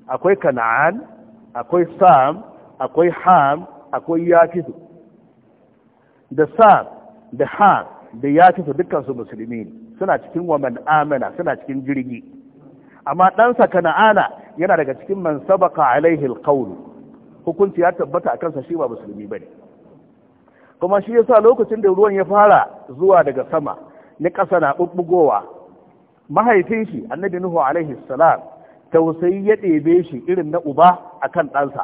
akwai kana'an akwai sam akwai ham akwai yafisu da sam da ham da yafisu su musulmi ne suna cikin waman amana suna cikin jirgi amma ɗansa kana'ana yana daga cikin man sabaka alaihi alqawl hukunci ya tabbata a kansa shi ba musulmi bane kuma shi yasa lokacin da ruwan ya fara zuwa daga sama ni ƙasa na bubugowa mahaifin shi annabi nuhu alaihi salam tausayi ya ɗebe shi irin na uba akan ɗansa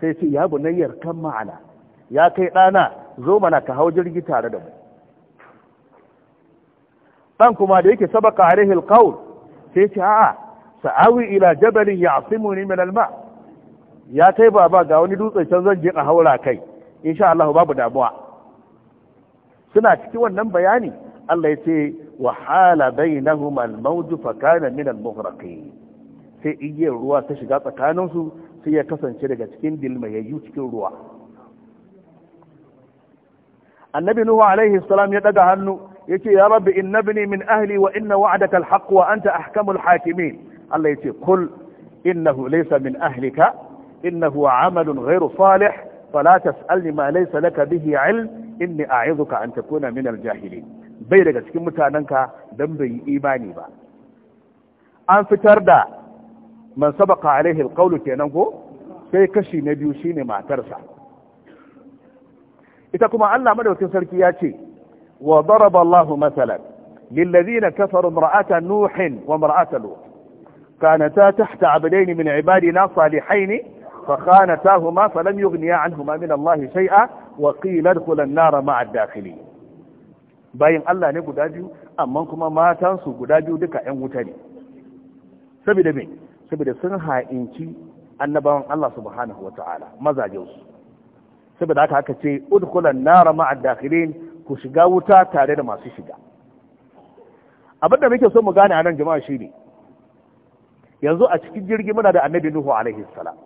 sai ce ya bunayyar kan ma'ana ya kai ɗana zo mana ka hau jirgi tare da mu dan kuma da yake sabaka alaihi alqaul sai ce a'a sa'awi ila jabalin ya'simuni min alma ya kai baba ga wani dutse can zan je a haura kai insha Allah babu damuwa suna cikin wannan bayani Allah ya ce wa hala bainahuma almawj fa kana min almughraqin sai igiyar ruwa ta shiga tsakanin su sai ya kasance daga cikin dilmayayyu cikin ruwa annabi nuhu alaihi salam ya daga hannu yace ya rabbi innabni min ahli wa inna wa'daka alhaq wa anta ahkamul hakimin Allah yace kul innahu laysa min ahlika innahu amalun ghayru salih fala tas'alni ma laysa laka bihi ilm inni a'idhuka an takuna min aljahilin bai daga cikin mutanenka dan bai yi imani ba an fitar da man sabaka alaihi alqawlu kenan ko sai kashi na biyu shine matarsa ita kuma Allah madaukakin sarki ya ce وضرب الله مثلا للذين كفروا امرأة نوح وامرأة لوط كانتا تحت عبدين من عبادنا صالحين فخانتاهما فلم يغنيا عنهما من الله شيئا وقيل ادخل النار مع الداخلين باين الله ني غدا بيو امانكما ماتان سو غدا دكا ان وتاني سبيدا مين سبيدا سن ها انتي annabawan Allah subhanahu wa ta'ala mazajinsu saboda haka aka ce udkhulan nara ma'a ku shiga wuta tare da masu shiga abin da muke so mu gane a nan jama'a shi ne yanzu a cikin jirgi muna da annabi nuhu alaihi salam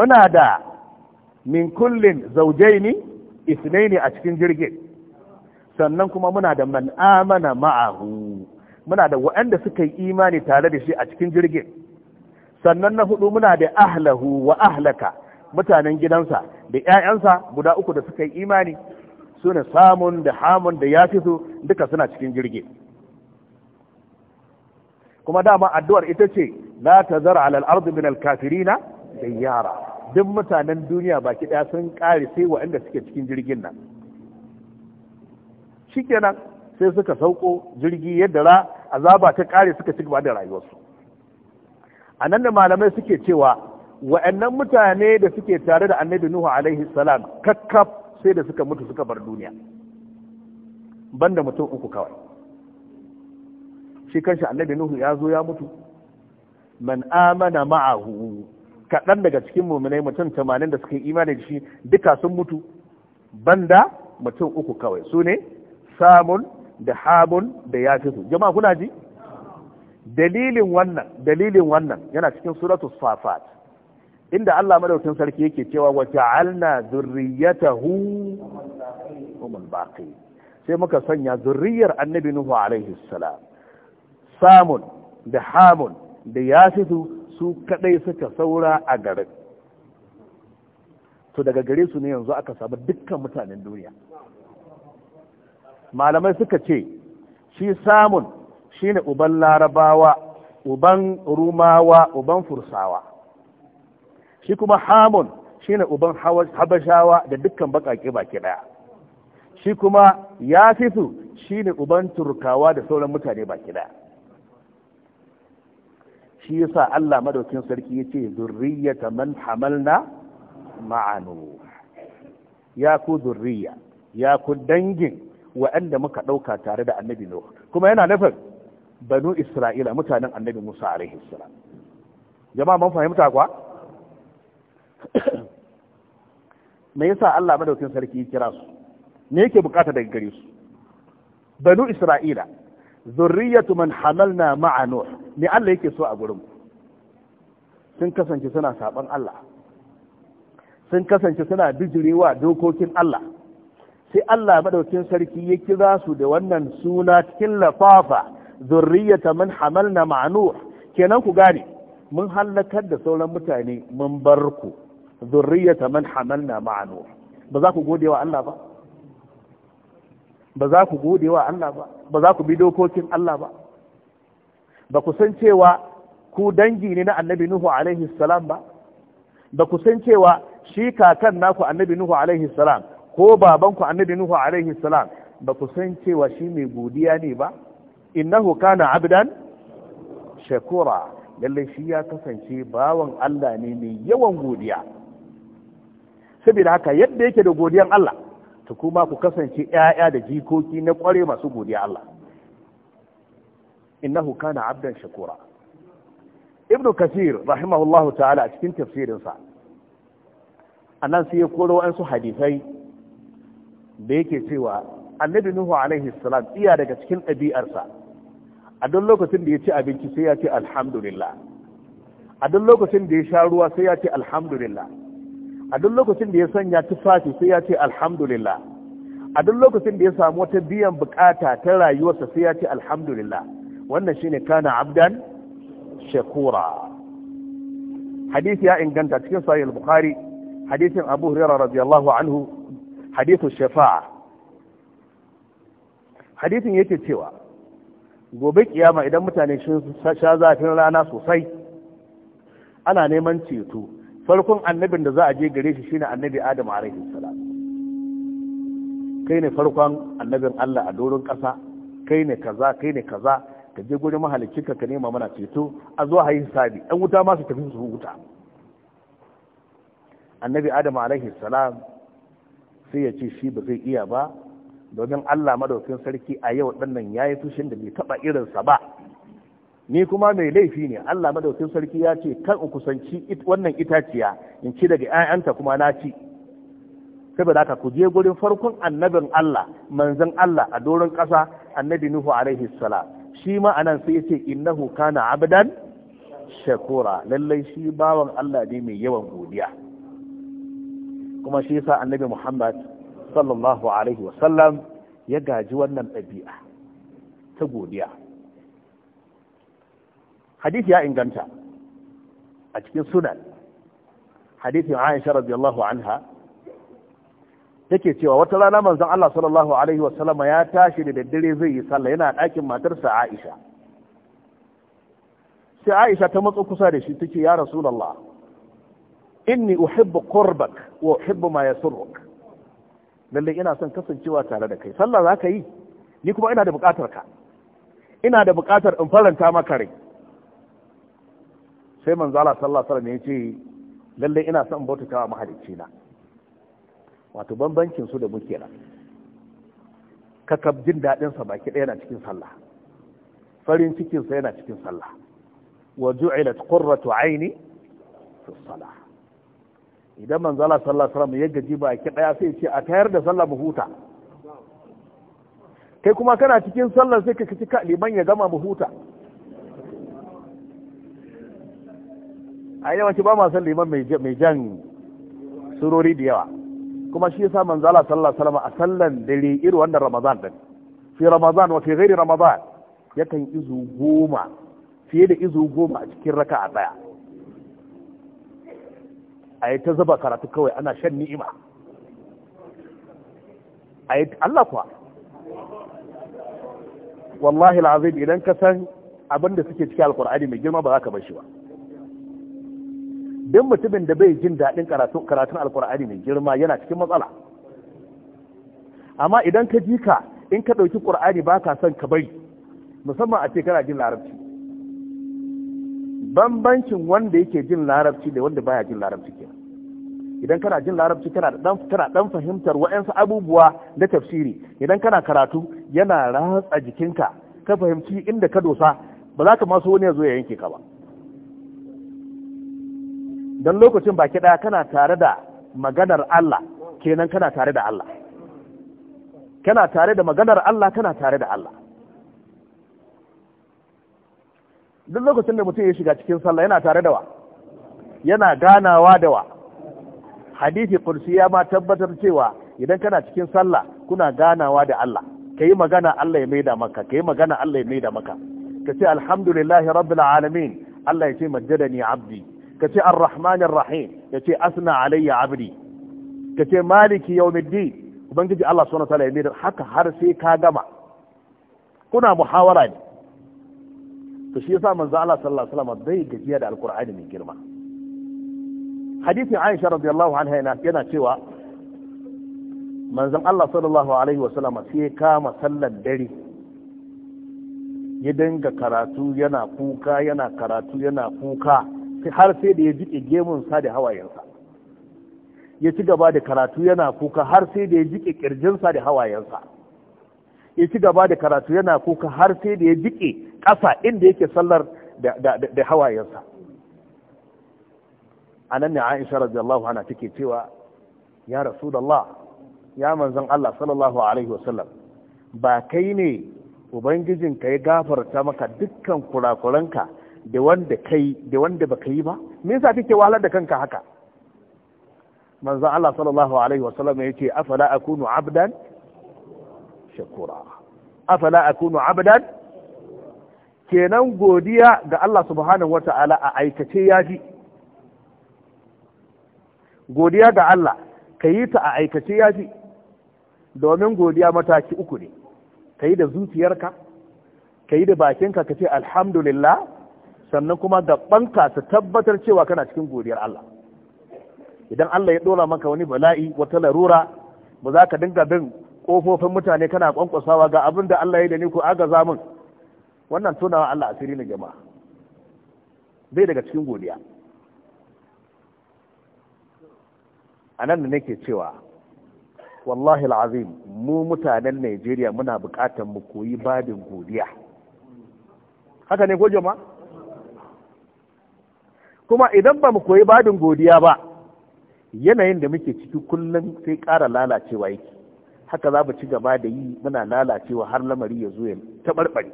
muna da min kullin zaujaini isnaini a cikin jirgin sannan kuma muna da man'amana amana ma'ahu muna da waɗanda suka yi imani tare da shi a cikin jirgin sannan na hudu muna da ahlahu wa ahlaka mutanen gidansa da 'ya'yansa guda uku da suka yi imani su samun da hamun da yafisu duka suna cikin jirgi kuma dama addu'ar ita ce la tazara ala al-ardi min al-kafirina dayyara duk mutanen duniya baki daya sun kare sai waɗanda suke cikin jirgin nan shikenan sai suka sauko jirgi yadda ra azaba ta kare suka ci gaba da rayuwarsu a nan da malamai suke cewa wa'annan mutane da suke tare da annabi nuhu alaihi salam kakkaf sai da suka mutu suka bar duniya banda mutum uku kawai shi kanshi annabi nuhu ya zo ya mutu man amana ma'ahu kaɗan daga cikin muminai mutum tamanin da suka yi imani da shi duka sun mutu banda mutum uku kawai su ne samun da habun da ya su jama'a kuna ji dalilin wannan dalilin wannan yana cikin suratul safat inda Allah madaukin sarki yake cewa wa ta'alna zurriyatahu humul baqi sai muka sanya zurriyar annabi nuhu alaihi salam samun da hamun da yasitu su kadai suka saura a garin to daga gare su ne yanzu aka samu dukkan mutanen duniya malamai suka ce shi samun shine uban larabawa uban rumawa uban fursawa shi kuma hamun ne uban habashawa da dukkan bakake baki daya shi kuma shi ne uban turkawa da sauran mutane baki daya shi sa Allah madaukin sarki ya yace zurriyata man hamalna ma'anu ya ku zurriya ya ku dangin wa'anda muka ɗauka tare da annabi Nuh kuma yana nufin banu Isra'ila mutanen annabi Musa alaihi salam jama'a mun fahimta kwa me yasa Allah madaukin sarki ya kira su me yake bukata daga gare su banu isra'ila zurriyatu man hamalna ma'a nuh me Allah yake so a gurin ku? sun kasance suna saban Allah sun kasance suna bijirewa dokokin Allah sai Allah madaukin sarki ya kira su da wannan suna cikin lafafa zurriyata man hamalna ma'a nuh kenan ku gane mun halakar da sauran mutane mun bar ku zurriyata man hamalna ma'a nuh ba za ku gode wa Allah ba ba za ku gode wa Allah ba ba za ku bi dokokin Allah ba ba ku san cewa ku dangi ne na annabi nuhu alaihi salam ba ba ku san cewa shi kakan naku annabi nuhu alaihi salam ko babanku annabi nuhu alaihi salam ba ku san cewa shi mai godiya ne ba innahu kana abdan shakura lallai shi ya kasance bawan Allah ne mai yawan godiya saboda haka yadda yake da godiyan Allah to kuma ku kasance ƴaƴa da jikoki na ƙware masu godiya Allah innahu kana abdan shakura ibnu kasir rahimahullahu ta'ala a cikin sa anan sai ya koro su hadisai da yake cewa annabi nuhu alaihi salam iya daga cikin ɗabi'arsa a duk lokacin da ya ci abinci sai ya ce alhamdulillah a duk lokacin da ya sha ruwa sai ya ce alhamdulillah a duk lokacin da ya sanya tufafi sai ya ce alhamdulillah a duk lokacin da ya samu wata biyan bukata ta rayuwarsa sai ya ce alhamdulillah wannan shine kana abdan shakura hadisi ya inganta cikin sahih al-bukhari hadisin abu hurairah radiyallahu anhu hadithu shafa'a hadisin yake cewa gobe kiyama idan mutane sun sha zafin rana sosai ana neman ceto farkon annabin da za a je gare shi shine annabi adam alaihi salam kai ne farkon annabin Allah a doron ƙasa kai ne kaza kai ne kaza ka je gurin mahalicci, ka nema mana ceto a zuwa hayin sabi ɗan wuta ma su tafi su wuta annabi adam alaihi salam sai ya ce shi ba zai iya ba domin Allah madaukin sarki a yau ɗannan ya yi fushin da bai taɓa irinsa ba ni kuma mai laifi ne Allah madaukin sarki ya ce kar in kusanci wannan itaciya in ci daga ƴaƴanta kuma na ci saboda haka ku je gurin farkon annabin Allah manzon Allah a doron ƙasa annabi Nuhu alaihi salam shi ma anan sai yace innahu kana abdan shakura lallai shi bawan Allah ne mai yawan godiya kuma shi yasa annabi Muhammad sallallahu alaihi wasallam ya gaji wannan ɗabi'a ta godiya hadisi ya inganta a cikin sunan Hadithin Aisha radiyallahu anha take cewa wata rana manzon Allah sallallahu alaihi wasallam ya tashi da daddare zai yi sallah yana ɗakin matarsa Aisha sai Aisha ta matso kusa da shi take ya Rasulullah inni uhibbu qurbak wa uhibbu ma yasurruk lalle ina son kasancewa tare da kai sallah zaka yi ni kuma ina da bukatar ina da bukatar in faranta maka rai sai manzo Allah sallallahu alaihi wasallam ya ce lalle ina son bauta kawa mahalicci na wato bambancin su da muke nan kakab jin dadin sa baki ɗaya na cikin sallah farin cikin sa yana cikin sallah wa ju'ilat qurratu aini fi salah idan manzo Allah sallallahu alaihi wasallam ya gaji baki ɗaya sai ya ce a tayar da sallah mu huta kai kuma kana cikin sallar sai ka kici ka liman ya gama mu huta a yawanci ba masu san liman mai jan surori da yawa kuma shi yasa manzo Allah sallallahu alaihi wasallam a sallan dare irin wannan Ramadan din fi Ramadan wa fi ghairi Ramadan yakan izu goma fiye da izu goma a cikin raka'a daya a ta zuba karatu kawai ana shan ni'ima a Allah kuwa wallahi al'azim idan ka san abin da suke cikin alqur'ani mai girma ba za ka bar shi ba don mutumin da bai jin daɗin karatun alkur'ani mai girma yana cikin matsala amma idan ka ji ka in ka ɗauki ƙur'ani ba ka son ka bari musamman a ce kana jin larabci bambancin wanda yake jin larabci da wanda baya jin larabci kenan idan kana jin larabci kana dan fahimtar wa'ansu abubuwa na tafsiri idan kana karatu yana ratsa jikinka ka fahimci inda ka dosa ba za ka ma so wani ya zo ya yanke ka ba don lokacin baki ɗaya kana tare da maganar Allah kenan kana tare da Allah kana tare da maganar Allah kana tare da Allah duk lokacin da mutum ya shiga cikin sallah yana tare da wa yana ganawa da wa Hadithi kursi ya ma tabbatar cewa idan kana cikin sallah kuna ganawa da Allah ka yi magana Allah ya maida maka ka yi magana Allah ya maida maka ka ce alhamdulillahi rabbil alamin Allah ya ce majjadani abdi kace ar-rahmanir rahim ce asna alayya abdi ce maliki yawmiddin ubangiji Allah Suna wataala ya haka har sai ka gama kuna muhawara ne to shi yasa manzo Allah sallallahu alaihi wasallam bai gajiya da alqur'ani mai girma hadisin Aisha radiyallahu anha yana cewa manzon Allah sallallahu alaihi wasallam sai kama sallar dare ya dinga karatu yana kuka yana karatu yana kuka har sai da ya jiƙe gemunsa da hawayensa ya ci gaba da karatu yana kuka har sai da ya jiƙe ƙirjinsa da hawayensa ya ci gaba da karatu yana kuka har sai da ya jiƙe ƙasa inda yake sallar da hawayensa a nan ne aisha radiyallahu ana take cewa ya rasulullah ya manzon Allah sallallahu alaihi wasallam ba kai ne ubangijinka ya gafarta maka dukkan kurakuranka da wanda kai da wanda baka yi ba me yasa kake wahalar da kanka haka manzo Allah sallallahu alaihi wasallam yace afala akunu abdan shakura afala akunu abdan kenan godiya ga Allah subhanahu wata'ala a aikace yafi godiya ga Allah ka yi ta a aikace yafi domin godiya mataki uku ne ka yi da zuciyarka ka yi da bakinka ka ce alhamdulillah sannan kuma ɓanka ta tabbatar cewa kana cikin godiyar Allah idan Allah ya dora maka wani bala'i wata larura ba za ka dinga bin ƙofofin mutane kana kwankwasawa ga abin da Allah ya da ni ko agaza min wannan tunawa Allah asiri na jama'a bai daga cikin godiya a nan da nake cewa wallahi al'azim mu mutanen Najeriya muna bukatar mu koyi babin godiya haka ne ko jama'a kuma idan ba mu koyi badin godiya ba yanayin da muke ciki kullum sai ƙara lalacewa yake haka za mu ci gaba da yi muna lalacewa har lamari ya zo ya taɓarɓare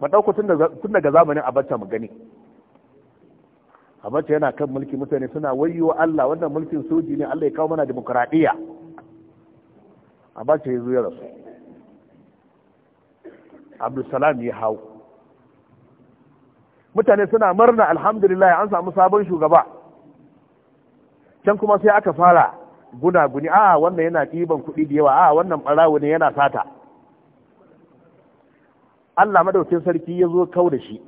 mu ɗauko tun daga zamanin Abacha mu gani Abacha yana kan mulki mutane suna wayo Allah wannan mulkin soji ne Allah ya kawo mana demokuraɗiyya Abacha ya zo ya rasu abdulsalam ya hau mutane suna murna alhamdulillah an samu sabon shugaba can kuma sai aka fara gunaguni a ah, wannan yana ɗiban kuɗi da yawa a ah, wannan ɓarawo ne yana sata Allah madaukin sarki ya zo kau da shi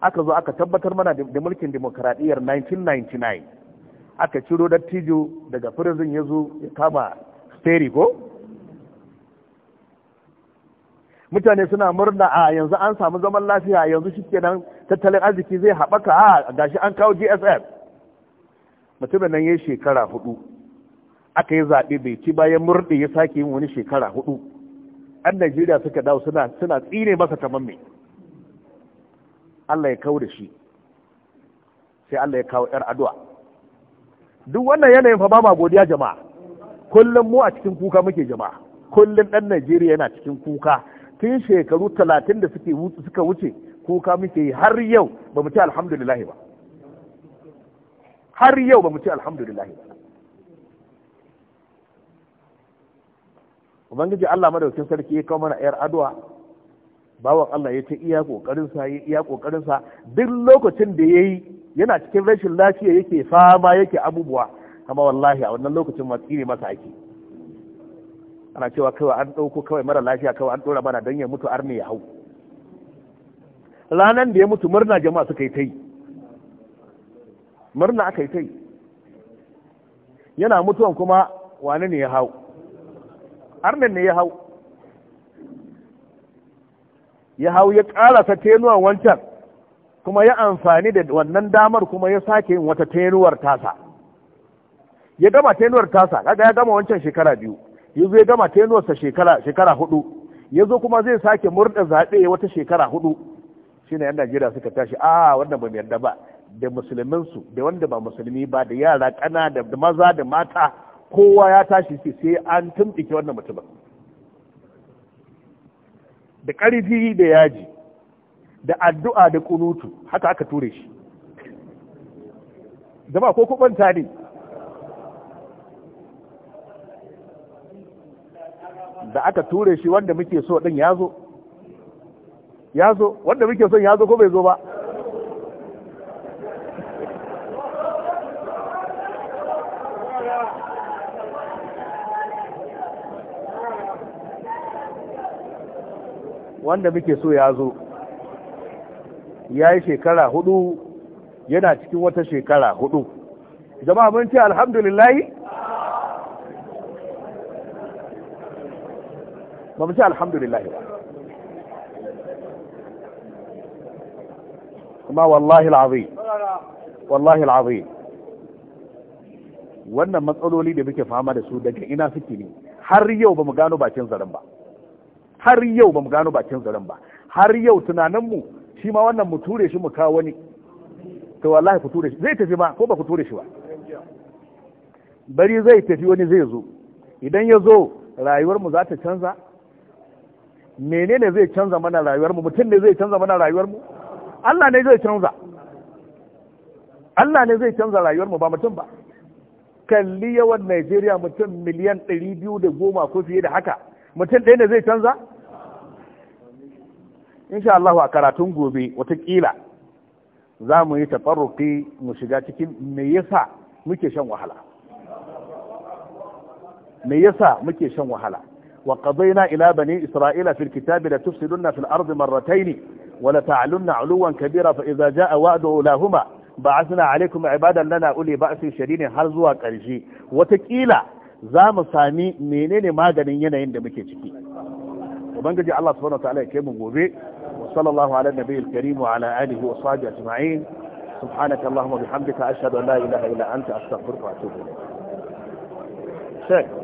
aka zo aka tabbatar mana da mulkin demokaradiyyar 1999 aka ciro dattijo daga prison ya zo ya kama steri ko mutane suna murna a yanzu an samu zaman lafiya yanzu shi kenan tattalin arziki zai haɓaka a gashi an kawo gsf mutumin nan ya yi shekara hudu aka yi zaɓe bai ci bayan murɗe ya sake yin wani shekara hudu an najeriya suka dawo suna suna tsine masa kamar mai allah ya kawo da shi sai allah ya kawo yar addu'a duk wannan yanayin fa ba ma godiya jama'a kullum mu a cikin kuka muke jama'a kullum ɗan najeriya yana cikin kuka tun shekaru talatin da suke suka wuce kuka muke har yau ba mu ci alhamdulillah ba har yau ba mu ci alhamdulillah ba ubangiji Allah madaukin sarki ya kawo mana ayar addu'a bawan Allah ya ce iya kokarin sa iya kokarin sa duk lokacin da yayi yana cikin rashin lafiya yake fama yake abubuwa amma wallahi a wannan lokacin ma tsire masa ake ana cewa kawai an ɗauko kawai mara lafiya kawai an ɗora mana don ya mutu arne ya hau ranar da ya mutu murna jama'a suka yi ta yi murna aka yi ta yi yana mutuwan kuma wani ne ya hau arnin ne ya hau ya hau ya ta tenuwa wancan kuma ya amfani da wannan damar kuma ya sake yin wata tenuwar tasa ya gama tenuwar tasa kaga ya gama wancan shekara biyu ya zo ya gama tenuwarsa shekara shekara hudu ya zo kuma zai sake murda zaɓe wata shekara hudu shi shine yan najeriya suka tashi a wannan ba yarda ba da musulminsu da wanda ba musulmi ba da yara kana da maza da mata kowa ya tashi sai an tumɓike wannan mutumin da ƙarfi da yaji da addu'a da kunutu haka aka ture shi zama ko kuɓanta ne da aka ture shi wanda muke so din ya zo ya zo wanda muke son ya zo ko bai zo ba wanda muke so ya zo ya yi shekara hudu yana cikin wata shekara hudu jama'a mun ce alhamdulillahi ba mu ce alhamdulillah ba kuma wallahi al'azim wallahi al'azim wannan matsaloli da muke fama da su daga ina suke ne har yau ba mu gano bakin zaren ba har yau ba mu gano bakin zaren ba har yau tunaninmu shi ma wannan mu ture shi mu kawo wani to wallahi ku ture shi zai tafi ma ko ba ku ture shi ba bari zai tafi wani zai zo idan ya zo rayuwarmu za ta canza menene zai canza mana rayuwar mu mutum ne zai canza mana rayuwar mu Allah ne zai canza Allah ne zai canza rayuwar mu ba mutum ba kalli yawan Najeriya mutum miliyan ɗari biyu da goma ko fiye da haka mutum ɗaya ne zai canza insha Allah a karatun gobe watakila za mu yi tafarruki mu shiga cikin me yasa muke shan wahala me yasa muke shan wahala وقضينا إلى بني إسرائيل في الكتاب لتفسدن في الأرض مرتين ولتعلن علوا كبيرا فإذا جاء وعد أولاهما بعثنا عليكم عبادا لنا أولي بأس شديد حرزوا كالجي وتكيلا زام سامي منين ما دنينا عند مكتشكي وبنجد الله سبحانه وتعالى كم وبي وصلى الله على النبي الكريم وعلى آله وصحبه أجمعين سبحانك اللهم وبحمدك أشهد أن لا إله إلا أنت أستغفرك وأتوب إليك شكرا